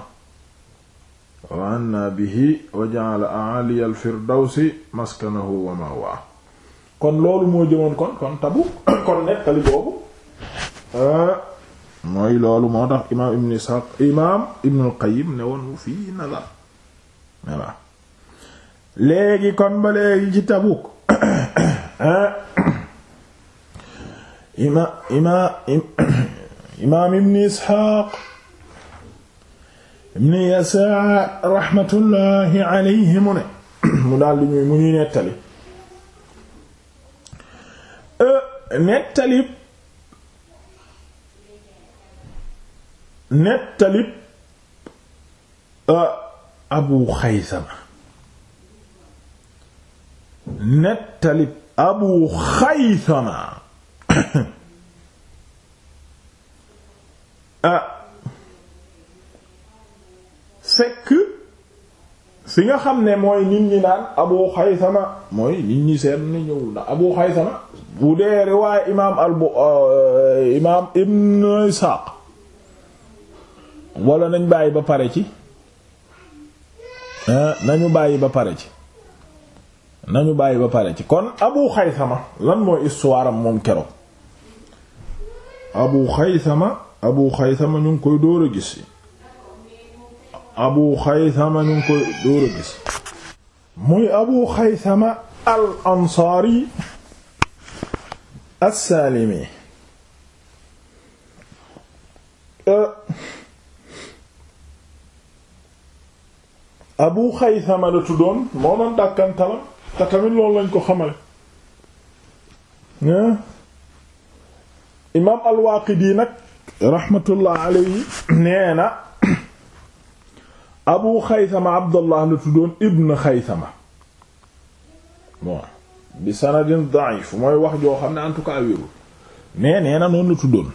wa anna bihi wa ja'ala a'ali al-firdawsi maskanahu wa ma'waahu kon loolu moo jëmoon kon kon tabu kon nettali boobu euh, mooy loolu moo tax imaam ibn Ishaq imaam ibn al léegi kon ba léegi ci Tabuk ibn Ishaq ibn mu ne mu daal di ñuy mu ñuy nettali nettalib euh, nettalib euh, abu xaysama nettalib abu xaysama fekk euh, fi nga xam ne mooy nit ñi naan abu xaysama mooy nit ñi seen ni ñëw na abu xaysama bu dee riwaaya imaam al bu euh, imaam ibn isaaq wala nañ bàyyi ba pare ci nañu bàyyi ba pare ci nañu bàyyi ba pare ci kon abu xaysama lan mooy histoire moom keroo abu xaysama abu xaysama ñu ngi koy dóor a gis abu xaysama ñu ngi koy dóor a gis muy abu xaysama al ansaari assaalimi euh, abu xaysama la tuddoon moo doon dàkkantala te tamit loolu lañ ko xamale imaam al waaqidi nag raxmatullah alayhi nee abu xaysama abdullah la tuddoon ibn xaysama bon bi sanadin da'if mooy wax joo xam ne en tout mais nee na noonu la tuddoon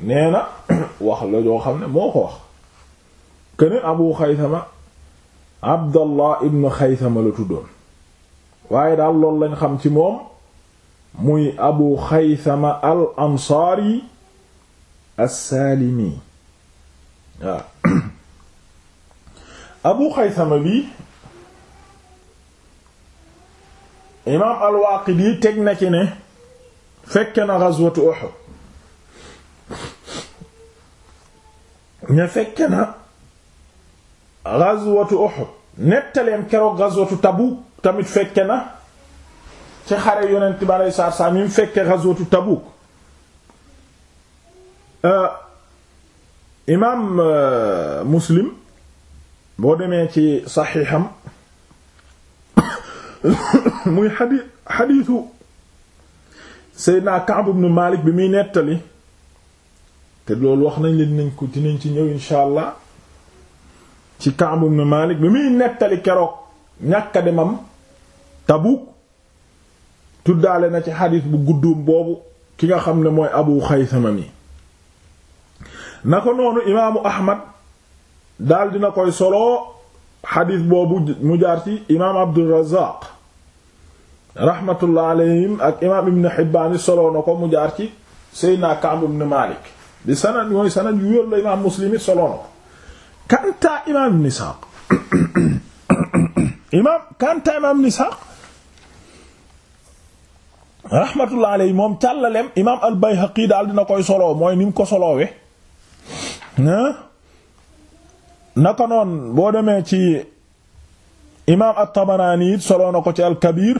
nee na wax la joo xam ne moo ko wax këne abu xaysama abdallah ibn xaysama la tuddoon waaye daal lool lañ xam ci moom muy abu xaysama al ansaari as-saalimi waaw abu xaysama bi imaam al-Waaqidi teg na ci ne fekke na gazwatu Uhud ne fekke na gazwatu Uhud nettaleem keroog gazwatu Tabuk tamit fekke na ci xare yonent bi alayhi salaatu salaam mi fekke gazwatu Tabuk euh, imaam euh, Muslim boo demee ci saxiixam muy xadi xadiisu Seydina Ka'b ibn Malik bi muy nettali te loolu wax nañ leen nañ ko dinañ ci ñëw insha allah ci Ka'b Malik bi muy nettali keroog ñàkk a demam Tabuk tuddaale na ci xadiis bu guddum boobu ki nga xam ne mooy Abu Xaysama mi na ko noonu imaamu Ahmad daal dina koy solo xadiis boobu mu jaar ci imaam Abdurrazaaq rahmatullah alayhim ak imaam Ibn Hibbaan solo na ko mu jaar ci Seydina Ka'b ibn Maalik di sanad mooy sanad yu wér la imaam Muslim solo na ko kantaa imaam Ibn Isxaaq imaam kantaa imaam Ibn moom càllalem imaam al-Bayhaqi daal dina koy solo mooy ni mu ko solowee naka noon boo demee ci imaam at-Tabaraani it soloo na ko ci al-Kabir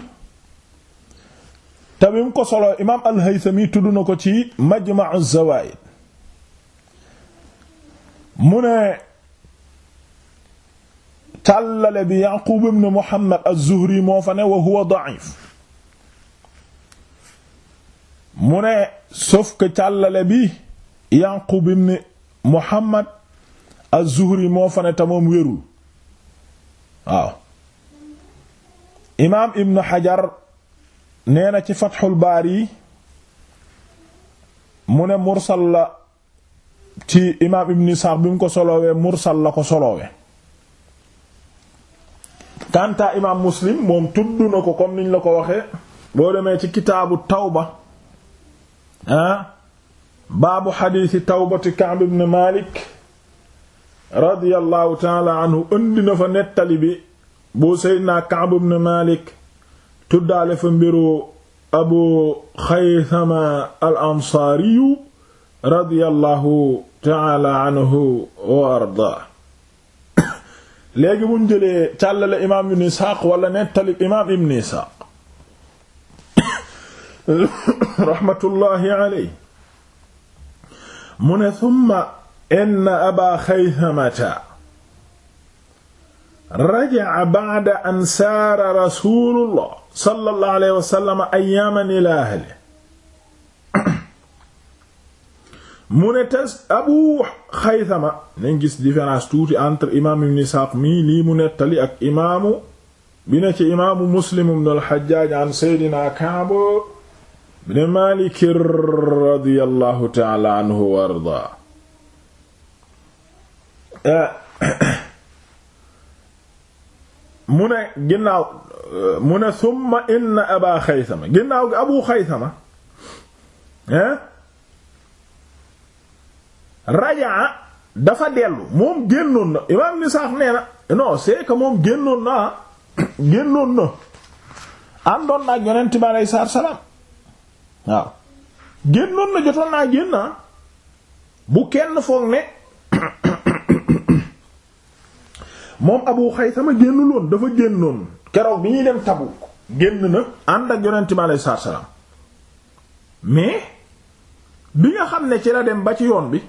te bi ko soloo imaam al-Haythami tudd na ko ci Majma'u az-Zawaa'id mu ne càllale bi Yaqub ibn Muhammad az-Zuhri moo fa ne wa huwa da'if mu ne sauf que bi Yaqub ibn Muhammad az-Zuhri moo fa ne te moom wérul imaam Ibn Hajar nee na ci Fathul Baari mu ne mursal la ci imaam Ibn Isaaq bi mu ko solowee mursal la ko solowe kanta imaam Muslim moom tudd ko comme niñ la ko waxe boo demee ci kitaabu tawba ah baabu xadiisi tawbati Ka'b ibn Malik radiyallahu taala anhu indi na fa nettali bi bu seydna Ka'b ibn Malik tuddaale fa mbiru abu xaysama al ansaariyu radiyallahu taala anhu wa arda léegi buñ jëlee càllale imaam ibn Isxaaq wala nettali imaam ibn Isxaaq raxmatullahi alayhi mu ne summa inna aba xaysamata rajaca bacda an saara rasulullah sallallahu alayhi wa sallam ayaaman ila ahli mu ne tes abu xaysama nañ gis différence tuuti entre imaam ibn Isaaq mii lii mu nettali ak imaamu bi ne ci imaamu Muslim ibn al-Hajjaj an Seydina Ka'b ibn Maalik radiyallahu ta'ala anhu wa ardaa mu ne ginnaaw euh, mu ne summa inna aba xaysama ginnaaw gi abu xaysama hein rajaa dafa dellu moom génnoon na imaam ni sax nee na non c'est moom génnoon na génnoon na àndoon na ak yonent bi aleyhi waaw génnoon na jotoon naa génn bu kenn foog ne moom Abu Xaysama génnuloon dafa génnoon keroog bi ñuy dem Tabuk génn na ànd ak yonent bi mais bi nga xam ne ci la dem ba ci yoon bi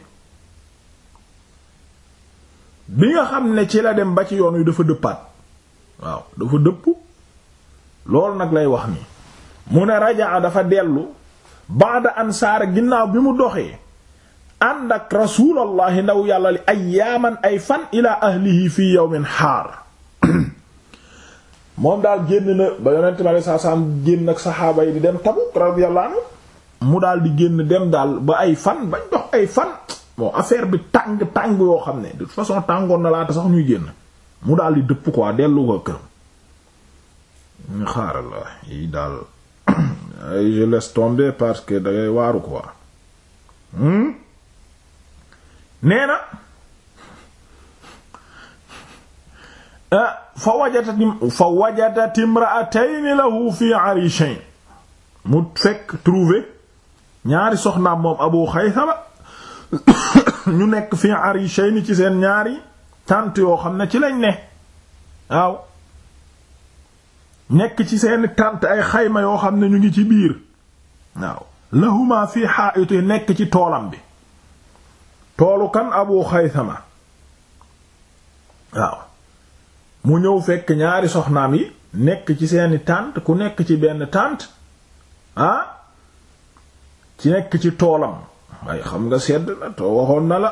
bi nga xam ne ci la dem ba ci yoon wi dafa dëppaat waaw dafa dëpp loolu nag lay wax ni mu ne rajaa dafa dellu baada ansaar ginnaaw bi mu doxee ànd ak rasuulallahi ndaw yàlla li ayyaaman ay fan ilaa ahlihi fii yawmin xaar moom daal génn na ba yonent bi alayhi salaam génn ak saxaaba yi di dem Tabuk radiyallahu anhu mu dal di génn dem daal ba ay fan bañ dox ay fan bon affaire bi tàng tàng yoo xam ne de toute façon tàngoon na laata sax ñuy génn mu daal di dëpp quoi dellu ko këram ñu xaaral la yi daal je laisse tomber parce que dangay waaru quoi. Hmm? nee na ah, fa wajadat fa wajadat imra'atayn lahu fi arishayn mu fekk trouvé ñaari soxnaam moom Abu Xaysama ñu nekk fi arishayn ci seen ñaari tànt yoo xam ne ci lañ ne waaw nekk ci seen tant ay xayma yoo xam ne ñu ngi ci biir waaw fii fi haa'iti nekk ci toolam bi toolu kan abu xaysama waaw mu ñëw fekk ñaari soxnaam yi nekk ci seeni tànt ku nekk ci benn tànt ah ci nekk ci toolam waaye xam nga sedd na to waxoon na la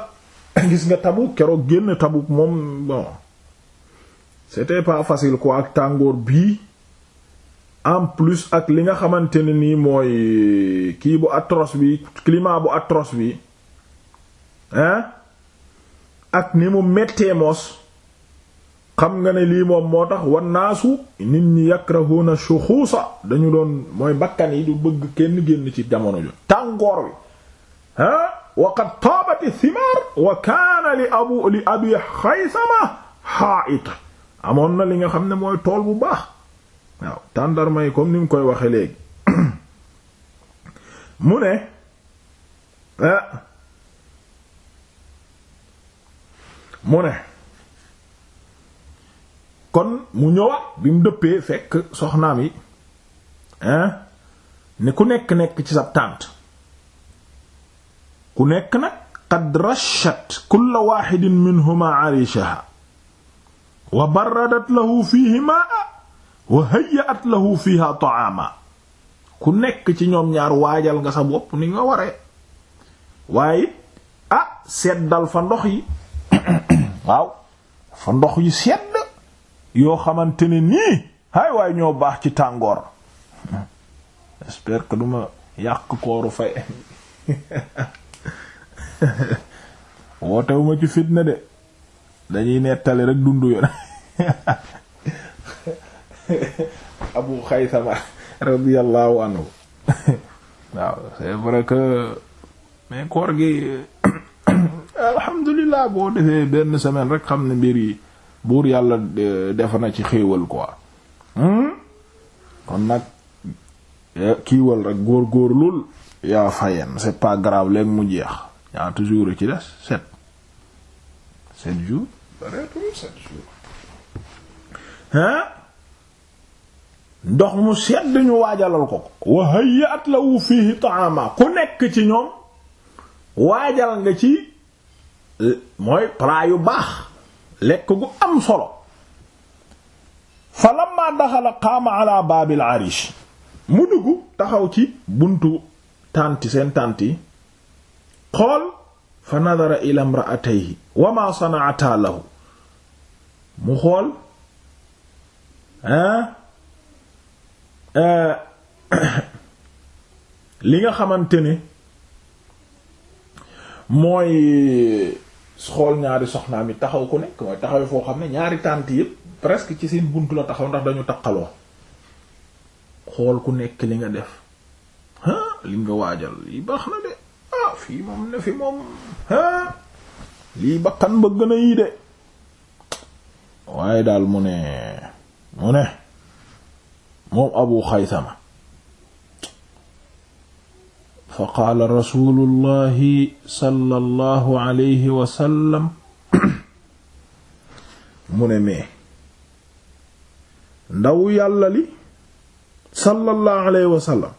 gis nga Tabuk keroog génn Tabuk moom bon te pas facile quoi ak tàngoor bii en plus ak li nga xamante ne nii mooy kii bu atros bi climat bu atroce bi ah ak ni mu mettee moos xam nga ne lii moom moo tax wan naasu nit ñi yakrahuuna shuxuusa dañu doon mooy bakkan yi du bëgg kenn génn ci jamono jo tàngoor wi ah wa qad taabati thimaar wa kaana li abu li abi xaysama xaaita amoon na li nga xam ne mooy tool bu baax waaw tàndarma yi comme ni mu koy waxe léegi mu ne ah mu ne kon mu ñëwa bi mu dëppee fekk soxnaam yi hein ne ku nekk nekk ci sab tànt ku nekk na qad rashat kulla waxidin minhuma arishaha wa baradat lahu fiihi wa hayyaat lahu fiiha ta'ama ku nekk ci ñoom ñaar waajal nga sa bopp ni nga waree waaye ah seddal fa ndox yi waaw fa ndox yu sedd yoo xamante ne nii hay waaye ñoo baax ci tàngoor j'espère que duma yàq kooru fay wootewuma ci fitna de dañuy nettali rek dundu yoon abu xaysama radiyallahu anhu waaw c'est vrai que mais koor gi alhamdulilah boo defee benn semaine rek xam ne mbir yi buur yàlla defa na ci xéewal ko hmm? kon nag eh, kiiwal rek góor góor yaa fayen c'est pas grave léegi mu jeex yaa toujours ci des sept sept jours bareetul sept ndox mu sedd ñu waajalal ko ko wa hayat lahu fihi ta'ama ku nekk ci ñoom waajal nga ci mooy plat yu baax lekk gu am solo fa lamma daxala qaama ala baabil arish mu dugg taxaw ci buntu tànti seen tànti xool fa nadara ila imra'atayhi wa ma sana'ata lahu mu xool ah, ah, li nga xamante ne mooy xool ñaari soxnaa mi taxaw ku nekk mooy taxaw foo xam ne ñaari tànt yëpp presque ci seen buntu la taxaw ndax dañu taqaloo xool ku nekk li nga def ah li nga waajal lii baax na de ah fii moom ne fi moom lii bakkan ba gën a yii de waaye daal mu ne mu ne moom abu xaysama fa qaala rasulullahi sallallahu alayhi wa sallam mu ne mee ndaw yàlla li sallallahu alayhi wa sallam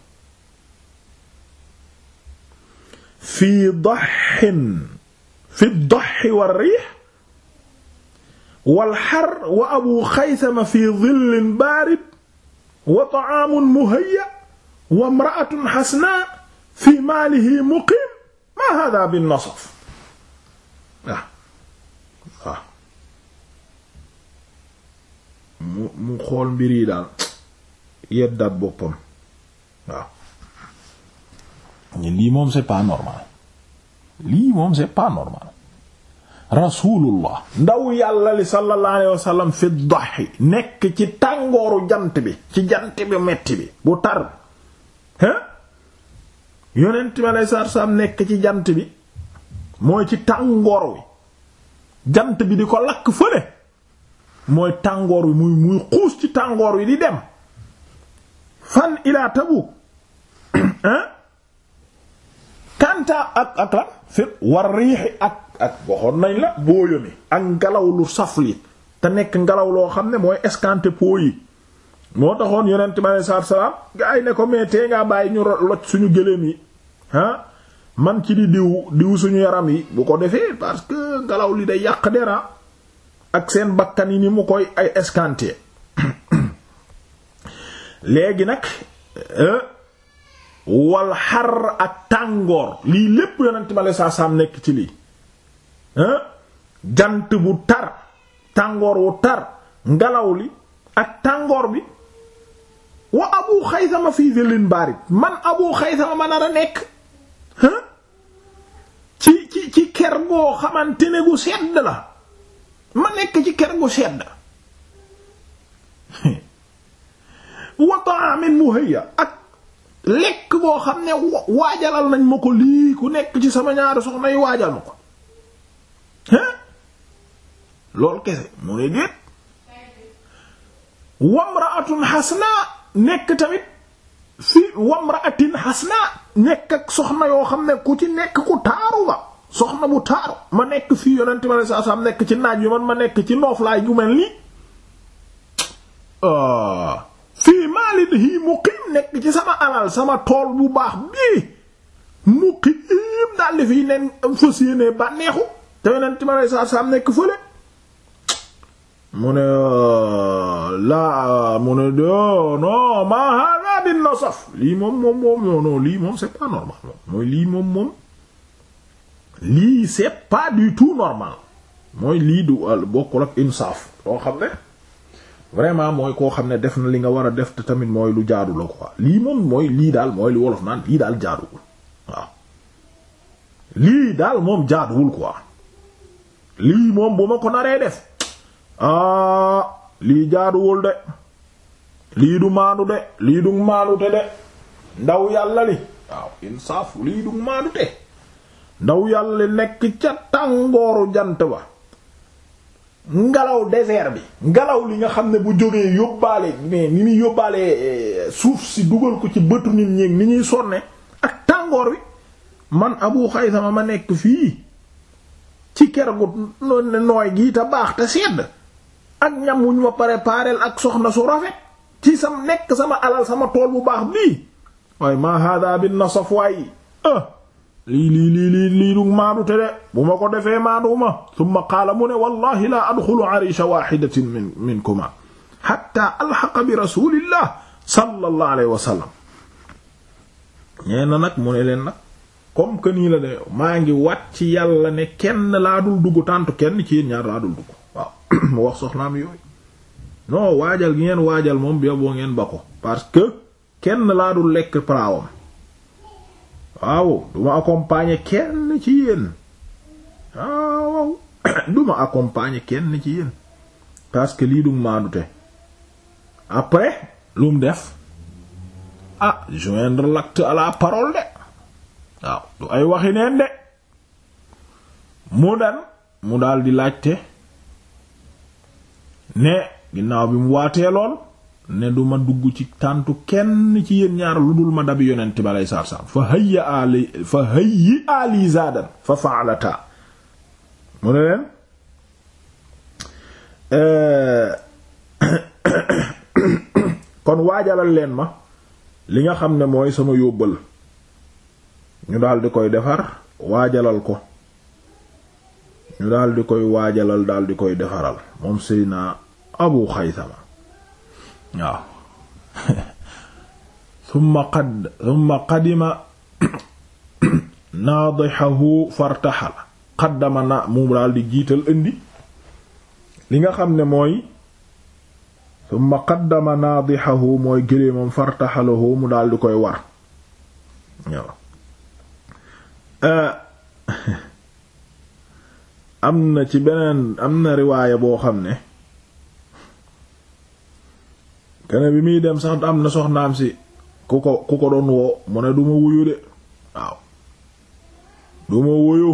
fii daxin fi daxi wa riix wal xar wa abu xaysama fi dillin baarid wa tacaamun muhayya wa imra'atun xasnaa fi maalihi muqiim maa hada bi nasaf ah. Ah. mu xool mbir yi daal yeddaat boppam waaw ah. lii ndaw yàlla li sallallahu alayhi fi dahi nekk ci tàngooru jant bi ci jant bi metti bi bu tar hein yonent mi aleyhi nekk ci jant bi mooy ci tàngoor wi jant bi di ko lakk fële mooy tàngoor wi muy muy xuus ci tàngoor wi di dem fan ilaa Tabuk hein kanta ak ak la fépp war riixi ak ak waxoon nañ la booyo mi ak ngelaw lu li te nekk ngelaw loo xam ne mooy escanté po yi moo taxoon yonent bi alei salaatu salaam gaa yi ne ko mais tee ngaa bàyyi ñu loj suñu gëléem yi ah man ci di diw diw suñu yaram yi bu ko defee parce que ngelaw li day yàq dera ak seen bakkan yi ni mu koy ay escanté léegi nag euh, wal xar ak tàngoor lii lépp yonent bi alei salaatu salaam nekk ci lii jant bu tar tàngoor wu tar ngelaw li ak tàngoor bi wa abu xaysama fii zillin barid man abu xaysama ma nar a nekk ci ci ci ker goo xamante ne gu sedd la ma nekk ci ker gu sedd wa ta'amin muhayya ak lekk boo xam ne waajalal nañ ma ko lii ku nekk ci sama ñaari soxna yi waajal ma ko loolu kese mu ne déet wamraatun hasna nekk tamit fi wamraatin hasna nekk ak soxna yoo xam ne ku ci nekk ku taaru ba soxna bu taaru ma nekk fii yonent ma saa nekk ci naaj wi man ma nekk ci noof laay ju mel nii ah. fii maalihi muqiim nekk ci sama alal sama tool bu baax bii muqiim daal di fiy nen fas yéenee bànneexu te yonent ma nekk fële mu ne ah. laa mu ne oh, non lii moom moom moom lii moom c'est pas normal mooy lii moom moom lii c'est pas du tout normal mooy lii du euh, bokkul ak insaaf loo xam ne vraiment mooy koo xam ne def na li nga war a def te tamit mooy lu jaadu la quoi lii moom mooy lii daal mooy li wolof naan lii daal jaaduwul waaw lii daal moom jaaduwul quoi lii moom bu ma ko naree def ah, lii jaaduwul de lii du maandu de lii du maandu de ndaw yàlla li waaw insaaf lii du maandu ndaw yàlla li nekk ca tàngooru jant ba ngelaw désert bi ngelaw li nga xam ne bu jógee yóbbaale mais ni muy yóbbaale eh, suuf si dugal ko ci bëtu nit ñi ni ñuy sonne ak tàngoor wi man abu xaysama ma nekk fii ci kër gu nooy gii te baax te sedd ak ñam wuñ ma préparel ak soxna su rafet ci sam nekk sama alal sama tool bu baax bii waaye maa hada bin nasaf waay ah lii lii lii lii lii du maadu bu ma ko defee maadu ma thumma qaala mu ne wallahi la adxulu arisha waxidatin min minkuma xatta alxaqa bi rasulillah sallallahu alayhi wa sallam ñee na nag mu leen nag comme que nii la de maa ngi wat ci yàlla ne kenn laadul dul dugg tàntu kenn ci yéen ñaar mu wax soxnaam yooyu non waajal gi ngeen waajal moom bi boo ngeen ba ko parce que kenn laa dul lekk praawam waaw duma accompagner kenn ci yéen ci yéen parce que lii dum maadute après lu def ah joindre l'acte à la parole de waaw du ay waxi neen de mu dan mu daal di laajte ne ginnaaw bi mu waatee lool ne du ma dugg ci tàntu kenn ci yéen ñaar lu dul ma dabi yonent bi aleyhi salaatu salaam fa hayya ali fa hayyi ali zaadan fa fa'alata mu ne leen eh, kon waajalal leen ma li nga xam ne mooy sama yóbbal ñu daal di koy defar waajalal ko ñu daal koy waajalal daal di koy defaral moom Seydina Abu Xaysama waaw summa qad summa qadima naadihahu fartaxala qaddama na mu daal jiital indi li nga xam ne mooy summa qaddama naadihahu mooy gëléemam fartaxalahu mu daal di koy war am na ci beneen am na riwaaya boo xam ne kene bi muy dem sax am na soxnaam si ku ko ku ko doon woo mu ne duma wuyu de waaw duma wuyu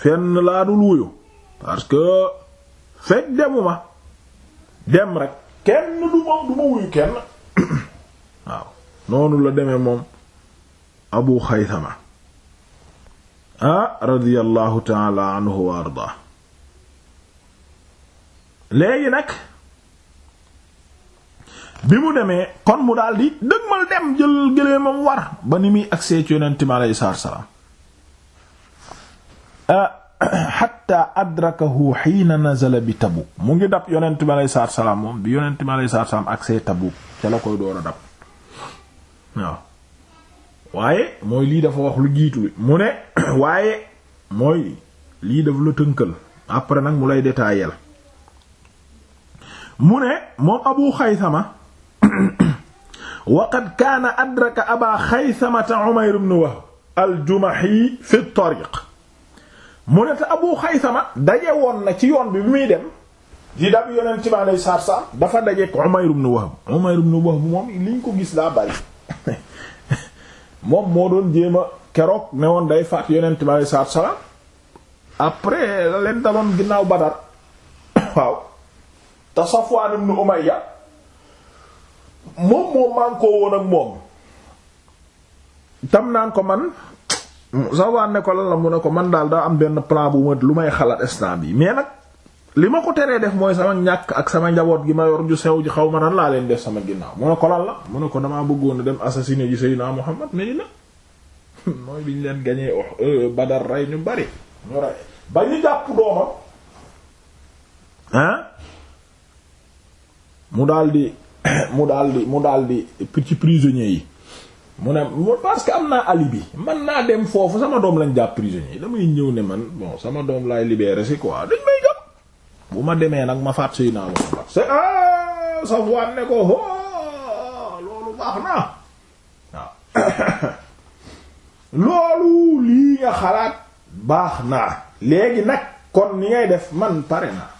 fenn laa dul wuyu parce que fekk demuma dem rek kenn duma duma wuyu kenn waaw noonu la demee moom Abu Xaysama ah radiyallahu wa ardaa léegi nag bi mu demee kon mu daldi dëgmal dem jël gëléemam war ba ni muy agsee ci yonent a aleyhi salaatu wa salaam xatta ah, adrakahu xiina nazala bi Tabuk mu ngi dab yonent a aleyhi salaatu salaam moom bi yonent bi aleyhi salaam agsee Tabuk ca la koy door a dab waaw waaye mooy lii dafa wax lu jiitu li mu ne waaye mooy lii daf la tënkal après nag mu lay détailler mu ne moom abu xaysama waqad kaana adraka aba xaysamata umayr ibn wahb aljumahi fi tariq mu ne te abu xaysama daje woon na ci yoon bi bi muy dem di dab yoneen ci maa lay saar-saar dafa dajeek umayr ibn wahb umayr ibn wahb moom liñ ko gis laa bari moom moo doon jéem a keroog ne woon day faat yonent bi aleyhi salaatu salaam après la leen daloon ginnaaw Badar waaw te Safwaan ibn Umayya moom moom maa koo woon ak moom tam naan ko man Safwaan ne ko lan la mu ne ko man daal daa am benn plan bu ma lu may xalaat instant bi mais nag li ma ko teree def mooy sama ñàkk ak sama njaboot gi ma yor ju sew ji xaw ma nan laa leen def sama ginnaaw mu ne ko lan la mu ne ko damaa bëggoon a dem assassiner ji Seydina Muhammad Medina mooy bi ñu leen gañee euh, Badar rey ñu bari ñu rey ba ñu jàpp doomam ah mu daldi mu daldi mu daldi ci prisonniers yi mu ne parce que am naa alibi man naa dem foofu sama doom lañ jàpp prisonniers yi damay ñëw ne man bon sama doom laay libérer c'est quoi bu ma demee nag ma faat Seydina Muhammad c'est ah Safwaan ne oh, loolu baax na loolu lii nga xalaat baax naa léegi nag kon ni ngay def man pare naa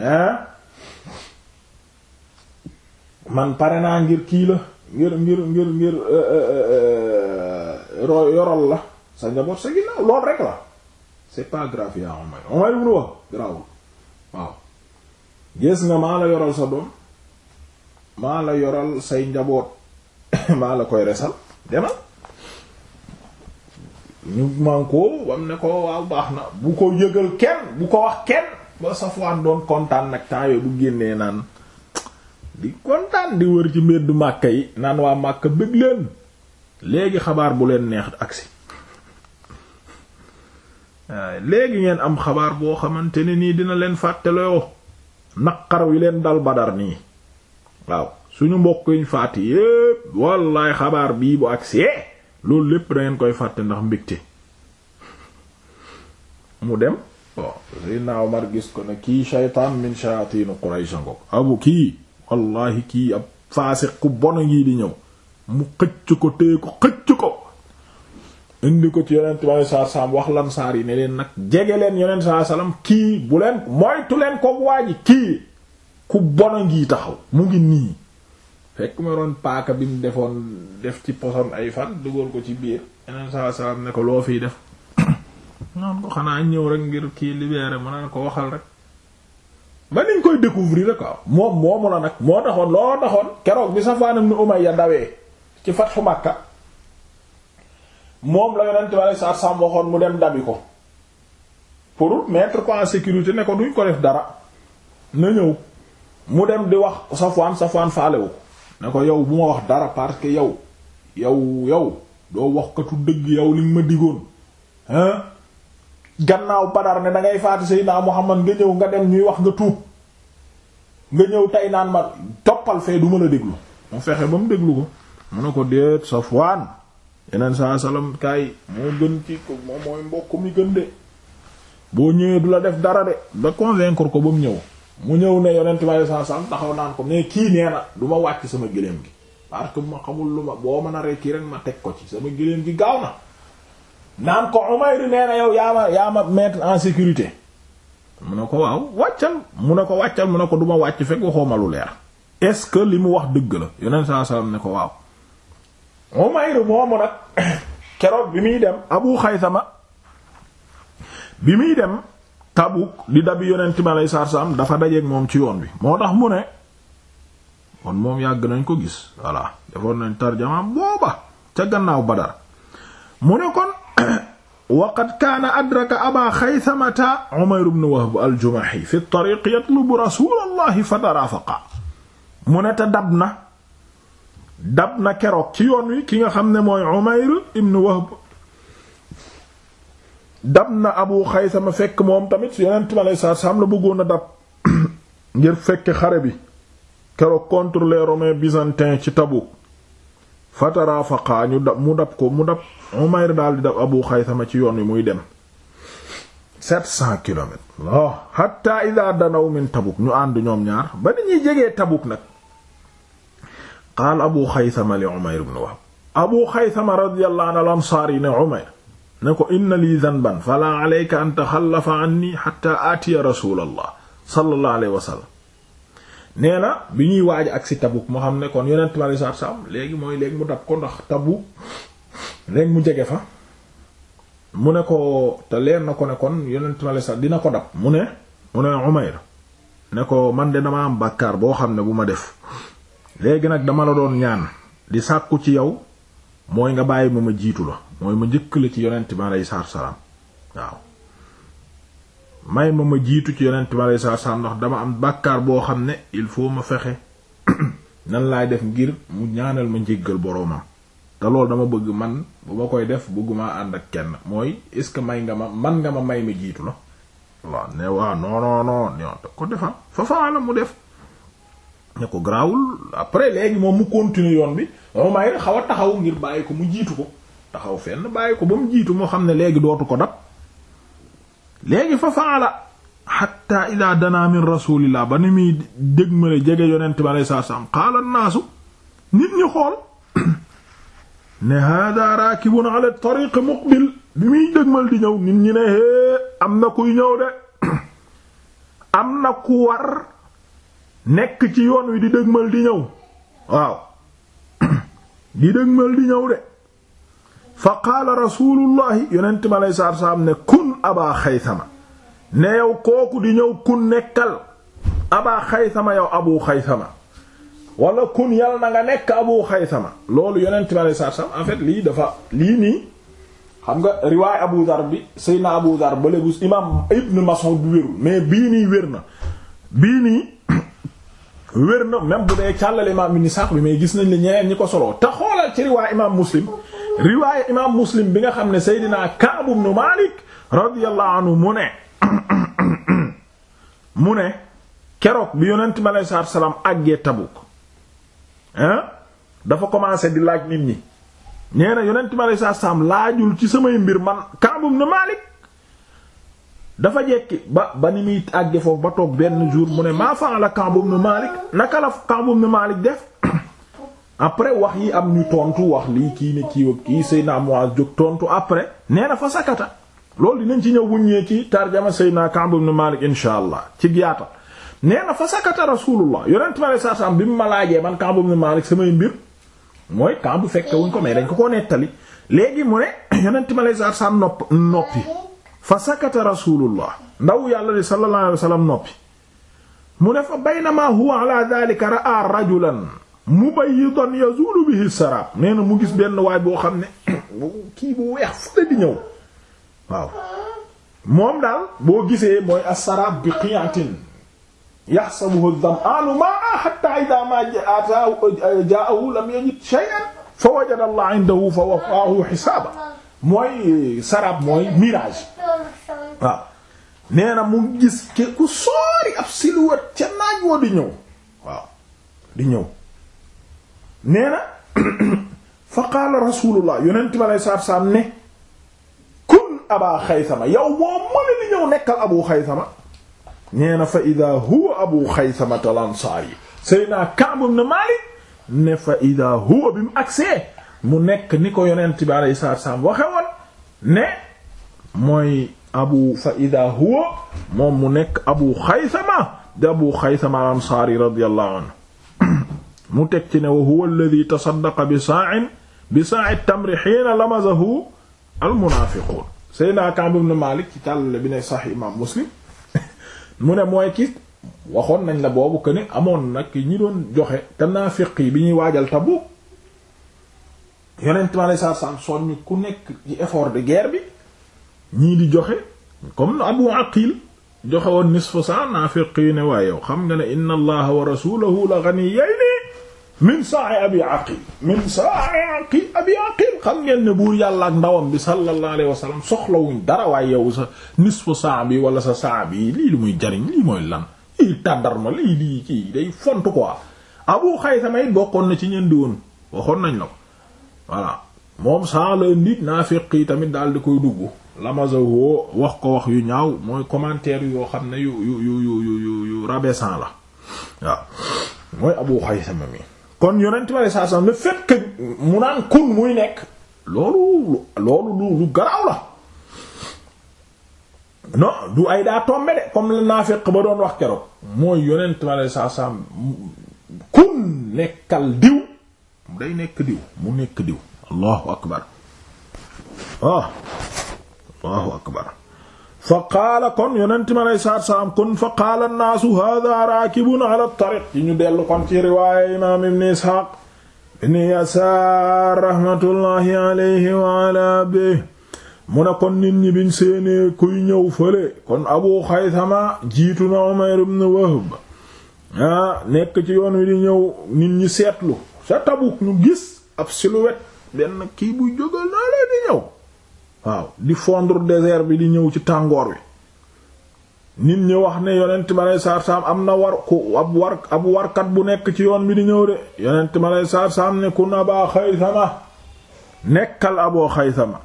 hein man pare naa ngir kii la ngir ngir ngir ngir euh, euh, euh, yorol la sa njaboot sa ginnaaw loolu rek la c'est pas grave yaa Umar Umar ibn wax grawul waaw gis nga maa la yoral sa doom maa la yoral say njaboot maa la koy resal demal ñu man ko wam ne ko waaw baax na bu ko yëgal kenn bu ko wax kenn ba Safwaan doon kontaan nag temps bu génnee naan di kontaan di wër ci mbedd Màkka yi naan waa Màkka bëgg leen léegi xabaar bu leen neex agsi léegi ngeen am xabaar boo xamante ne nii dina leen fàtteloo naqar wi leen dal badar nii waaw suñu mbokk yiñ fàtt yépp wallaay xabaar bii bu agsee loolu lépp da ngeen koy fàtte ndax mbégte mu dem bon Seydina Omar gis ko na kii shaytaan min shayaatinu Quraysh ngok abu kii wallahi kii ab faase ku bon ngi di ñëw mu xëcc ko téye ko xëcc ko indi ko ci yonent bi saa saam wax lamsaar yi ne leen nag jege leen yonent saa salaam kii bu leen moytu leen koog waa ji kii ku bon a ngi taxaw mu ngi nii fekk ma doon paaka bi mu defoon def ci poson ay fan dugal ko ci biir yonent saa salaam ne ko loo fiy def. naan ko xanaa ñëw rek ngir kii libéré mu naan ko waxal rek. ba niñ koy découvrir rek quoi moom moomu la nag moo taxoon looloo taxoon keroog bi Safwan ibn Umayya dawee ci Fathu Makka. moom la yonent bi saa sàmm waxoon mu dem dabi ko pour mettre ko en sécurité ne ko duñ ko def dara na ñëw mu dem di wax Safwaan Safwaan faalewu ne ko yow bu ma wax dara parce que yow yow yow doo wax katu dëgg yow li ma digoon hein gannaaw Badar ne da ngay faati Seydina Muhammad nga ñëw nga dem ñuy wax nga tuub nga ñëw tey naan ma toppal fee du ma la déglu mu fexe ba mu déglu ko mu ne ko déet Safwaan yeneen saa salaam kaay moo gën ci ko moom mooy mbokk mi gën de boo ñëwee du la def dara de da convaincre ko ba mu ñëw mu ñëw ne yonent bi saa salaam taxaw naan ko mais kii nee na ma wàcc sama gëléem gi parce que ma xamul lu ma boo mën a rekki rek ma teg ko ci sama gëléem gi gaaw na naan ko yow yaa ma yaa ma mettre en sécurité mu ne ko waaw wàccal mu ne ko wàccal mu ne ko du ma wàcc fekk waxoo ma lu leer est-ce que li mu wax dëgg la yonent saa salaam ne ko waaw. Umayr moomu nag keroog bi muy dem Abu Xaysama bi muy dem Tabuk di dabi yonent mi alayhi salaatu salaam dafa dajeeg moom ci yoon bi moo tax mu ne kon moom yàgg nañ ko gis voilà defoon nañ tarjama booba ca gannaaw Badar mu ne kon waqad kaana adraka aba xaysamata Umayr ibn Wahb al-Jumahi fi at-tariq yatlubu rasulallahi fa tarafaqa mu ne te dab na dab na keroog ci yoon wi ki nga xam ne mooy Umayr ibn Wahb dab na Abu Xaysama fekk moom tamit yonent mi alayhi salaam la bëggoon a dab ngir fekk xare bi keroog contre les Romains ci Tabuk fataraafaqa ñu dab mu dab ko mu dab Umayr daal di dab Abu ma ci yoon wi muy dem 700 kilomètres. waaw hatta idaa danaw min Tabuk ñu ànd ñoom ñaar ba ni ñuy jege Tabuk nag. qaal abu xaysama li umayr ibn wahb abu xaysama radiyallahu anhu ne umayr ne ko inna lii danban fala alayka an taxallafa anni xatta aatiya rasulallah sallallahu alayhi wa sallam nee na bi ñuy waaj ak si xam ne kon yonent mi léegi mooy léeg mu dab ko ndax tabu léegi mu jege fa mu ne ko te leer na ko ne kon yonent mi alayhi salaam dina ko dab mu ne mu ne umayr ne ko man de dama am bàkkaar boo xam ne bu ma def léegi nag dama la doon ñaan di sàkku ci yow mooy nga bàyyi ma ma jiitu la mooy ma njëkk la ci yonent bi aleyhi salaatu salaam waaw may ma ma jiitu ci yonent bi aleyhi salaatu ndax dama am bàkkaar boo xam ne il faut ma fexe nan laay def ngir mu ñaanal ma njéggal boroomam te loolu dama bëgg man bu ma koy def bëgguma ànd ak kenn mooy est ce que may nga ma man nga ma may ma jiitu la waaw ne waaw non non non ko defa fa mu def ne ko grawul léegi moom mu continuer yoon bi xaw a taxaw ngir bàyyi mu jiitu ko taxaw fenn bàyyi ko ba mu jiitu moo xam ne léegi dootu ko dab léegi fa ba ni muy dég male jege yonent bi nit ñi xool ne hada raakibun ala tariq muqbil bi muy dëgmal di ñëw nit ñi ne hee am na kuy ñëw de am na ku war nekk ci yoon wi di dëgmal di ñëw waaw di dëgmal di ñëw de fa qaala rasulullahi yonent mi aleyhi salaatu ne kun aba xaysama ne yow kooku di ñëw kun nekkal aba xaysama yow abu xaysama wala kun yàlla na nga nekk abu xaysama loolu yonent mi aleyhi salaatu salaam en fait lii dafa lii nii xam nga riwaay Abu Dar bi Seydina Abu Dar bale bu imaam Ibn Mas'ud bi wérul mais bii nii wér na bii nii wér na même bu dee càllale mi ibn Isaaq bi mais gis nañ li ñeneen ñi ko soloo te xoolal ci riwaay imaam Muslim riwaay imaam Muslim bi nga xam ne Seydina Ka'b ibn Malik radiyallahu anhu mu ne mu ne keroog bi yonent mi alayhi salaatu salaam àggee Tabuk dafa commencé di laaj nit ñi nee na yonent mi alayhi salaatu salaam laajul ci samay mbir man Ka'b ibn Malik dafa jekki ba ba ni muy àgge foofu ba toog benn jour mu ne maa la Ka'b ibn Malik naka la Ka'b ibn Malik def après wax yi am ñu tontu wax lii kii ne kii wëg naa Seydina Muaz jóg tontu après nee na fa sakata loolu dinañ ci ñëw wuññee ci tarjama Seydina naa ibn Malik insha allah ci giyaatal nee na fa sakata rasulullah yonent ma saa saam bi mu ma laajee man Ka'b ibn Malik samay mbir mooy Ka'b fekke wuñ ko mais dañ ko koo nettali léegi mu ne yonent ma saa saam nopp noppi fa sakata rasulullah ndaw yàlla li sallallahu alayhi wa sallam noppi mu ne fa baynama huwa ala dhalika ra'a rajulan mubayyidan yazulu bihi sarab nee na mu gis benn waay boo xam ne kii bu weex fu la di ñëw waaw moom daal boo gisee mooy as-sarab bi qiyatin yahsabuhu adh-dham'anu ma'a hatta idha ma ataahu ja'ahu lam yajid shay'an fa wajada Allah 'indahu fa wafaahu hisaaba mooy sarab mooy mirage waaw nee na mu gis ke ku soori ab silhouette ca naaj woo di ñëw waaw di ñëw nee na fa qaala rasulullah yonent bi alei satu salaam ne kun aba xaysama yow moo mëne li ñëw nekkal abu xaysama nee na fa ida huwa abu xaysama al ansaari sëy naa Ka'b ibn Maalik ne fa ida huwa bi mu agsee mu nekk ni ko yonent bi alayhi salaatu wasallam waxe woon ne mooy fa ida huwa moom mu nekk abu xaysama di abu xaysama al ansaari radiyallahu anhu mu teg ci ne wa huwa alladhi tasaddaqa bi saa'in bi saa'i ci tàllale bi ne sax ne mooy ki waxoon nañ la boobu que ne amoon nag ñi doon joxe te bi ñuy waajal Tabuk yonent ma lay saa saam ku nekk ci effort de guerre bi ñii di joxe comme Abu Aqil joxe woon nisfu saa naafiq yi ne waaye xam nga ne inna allaha wa rasulahu la ghaniyayni min sa'i abi aqil xam ngeen ne buur yàlla ndawam bi sallallahu alayhi wa sallam soxlawuñ dara waaye yow sa nisfu saa bi wala sa saa bi lii lu muy jariñ lii mooy lan lii tàndarma lii lii ci day font quoi Abu Xaysama it bokkoon na ci ñendi woon waxoon nañ la ko voilà moom saa la nit naafiq yi tamit daal di koy dugg lamaza woo wax ko wax yu ñaaw mooy commentaire yoo xam ne yu yu yu yu yu yu la waaw mooy Abu Xaysama mi kon yonent bari saa saa le fait que mu naan kun muy nekk loolu loolu lu lu la non du ay daa tombe de comme la naafiq ba doon wax keroog mooy yonent bari saa saa kun nekkal diw day nekk diw mu nekk diw allahu akbar ah allahu akbar fa qaala kon yonent mi alayhi salaatu salaam kon fa qaala nnaasu haadaa raakibun ala tariq yi ñu dellu kon ci riwaaya imaam ibn Isxaaq ibn Yasaar rahmatullahi alayhi wa ala bi mu ne kon nit ñi biñ séenee kuy ñëw fële kon Abu Xaysama jiitu na Umayr ibn Wahb ah nekk ci yoon wi di ñëw nit ñi seetlu ca Tabuk ñu gis ab silhouette benn kii bu jógal naa la di ñëw waaw di fondre désert bi di ñëw ci tàngoor wi nit ñi wax ne yonent ma lay saam am na war ku ab war ab warkat bu nekk ci yoon bi di ñëw de yonent ma lay saar saam ne ku na baa xaysama nekkal aboo xaysama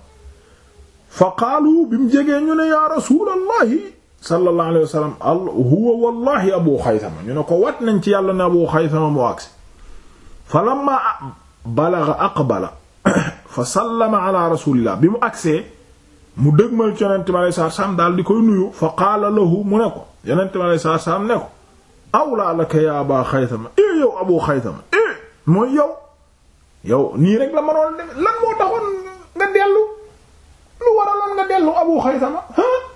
fa qaalu bi mu jegee ñu ne yaa rasulallahi sallallahu alayhi wa sallam al huwa wallahi ñu ne ko wat nañ ci yàlla ne abu xaysama mu agsi fa lamma balaga fa sallama ala rasulillah bi mu agsee mu dëgmal ci yonente mi aleye sat salaam daal koy nuyu fa qaala lahu mu ne ko yonente mi aleye ko awlaa laka xaytama e eh, yow abu xaytama e eh, mooy yow yow nii rek la mënoon def lan moo taxoon nga dellu lu waraloon nga dellu abu xaytama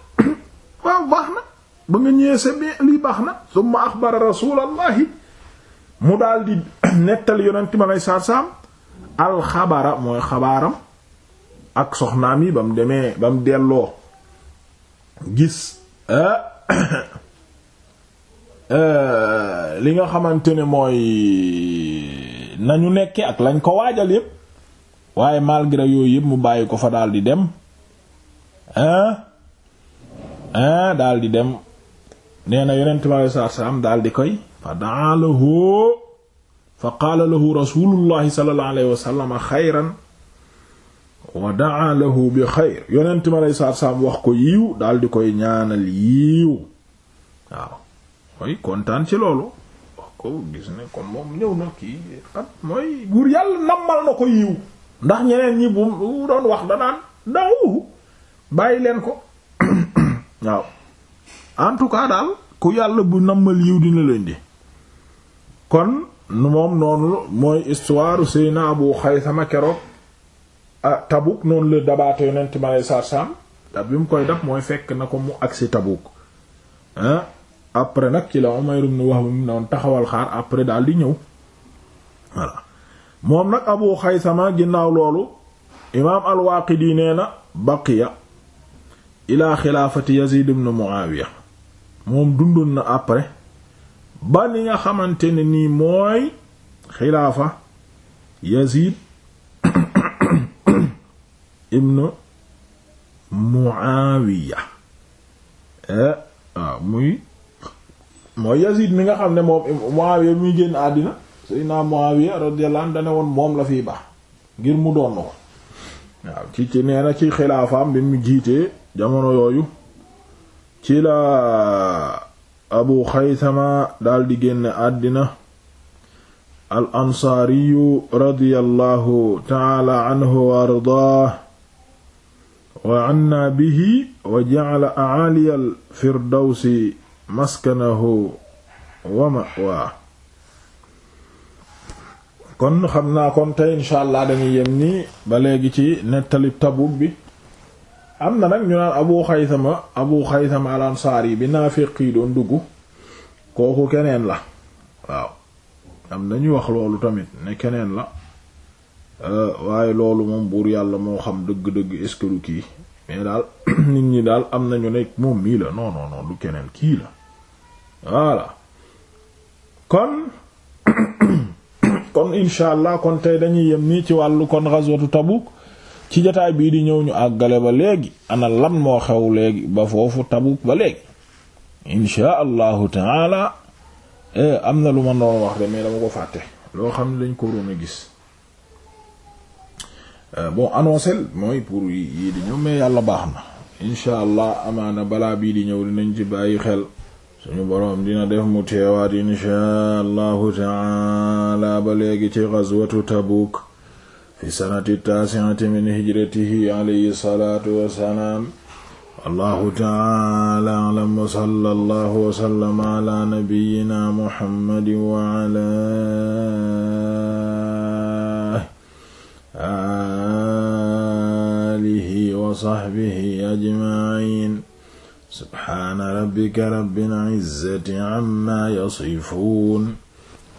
waaw baax na ba nga ñëwee sa lii baax na summa axbara rasulallahi mu daal di nettali yonent ma lay saar alxabara mooy xabaaram ak soxnaam yi ba mu demee ba mu delloo gis euh, euh, li nga xamante ne mooy nañu nekke ak lañ ko waajal yépp waaye malgré yooyu yépp mu bàyyi ko fa dal di dem hein hein daal di dem nee na yonent ma lay saar di koy fa daala hoo fa qaala lahu rasulullahi sallallahu alayhi wa sallam xayran wa daa lahu bi xayr yonent ma lay saar saam wax ko yiiw daal koy ñaanal yiiw waaw mooy kontaan ci loolu wax ko gis ne kon moom ñëw na kii mooy buur yàlla nammal na ko yiiw ndax ñeneen ñi bu doon wax danaan dawuhu bàyyi leen ko waaw en tout cas daal ku yàlla bu nammal yiw dina leen di kon moom noonu mooy histoire Seydina Abu sama keroog ah Tabuk noonu la dabaate yonent mi aleyhi salaatu salaam bi mu koy dab mooy fekk na ko mu agsi Tabuk ah après nag ci la Umayr ibn Wahb mu noonu taxawal xaar après daal di ñëw voilà moom nag Abu sama ginnaaw loolu imaam al-Waaqidi na baqiya ilaa xilaafati Yazid ibn Muawiya moom dundoon na après ba ni nga xamante ne nii mooy xilaafa Yazid ibn Muawiya eh, waaw muy mooy Yazid mi nga xam ne moom Muawiya muy génn àddina Seydina Muawiya radiyallahu anhu dane woon moom la fiy baax ngir mu doon ko waaw ci ci nee ci xilaafaam bi mu jiitee jamono yooyu ci la abu xaysama daldi génn àddina al ansaariyu radiyallahu taala anhu wa ardaah wa anna bihi wa jacala acaaliyal firdawsi maskanahu wa ma'waa kon ci nettalib Tabuk bi am na nag ñu naan abu xaysama abu xaysama al ansaari bi naafiq yi doon dugg kooku keneen la waaw am na ñuy wax loolu tamit ne keneen la euh, waaye loolu moom buur yàlla moo xam dëgg-dëgg est-ce que du kii mais daal nit ñi daal am na ñu ne moom mii la non non non keneen kii la voilà kon kon kon tey dañuy yem ni ci wàllu kon ghazwatu Tabuk ci jotaay bii di ñëw ñu àggale ba léegi ana lan moo xew léegi ba foofu Tabuk ba léegi inchaa allahu taala e, am na lu ma doon wax de mais dama ko fàtte loo xam ne lañ ko waroon a gis e, bon annoncé mooy pour yii di ñëw mais yàlla baax na incha allah amaana balaa bii di ñëw dinañ ci bàyyi xel suñu boroom dina def mu teewaat incha allahu taala ba léegi ci ghazwatu Tabuk fi sanati taasi'ati min hijratihi alayhi salaatu wassalaam allahu taala alam wa sallallahu wa sallama ala nabiyyina muhammadin wa ala alihi wa sahbihi ajma'in subhaana rabbika rabbil izzati amma yasifuun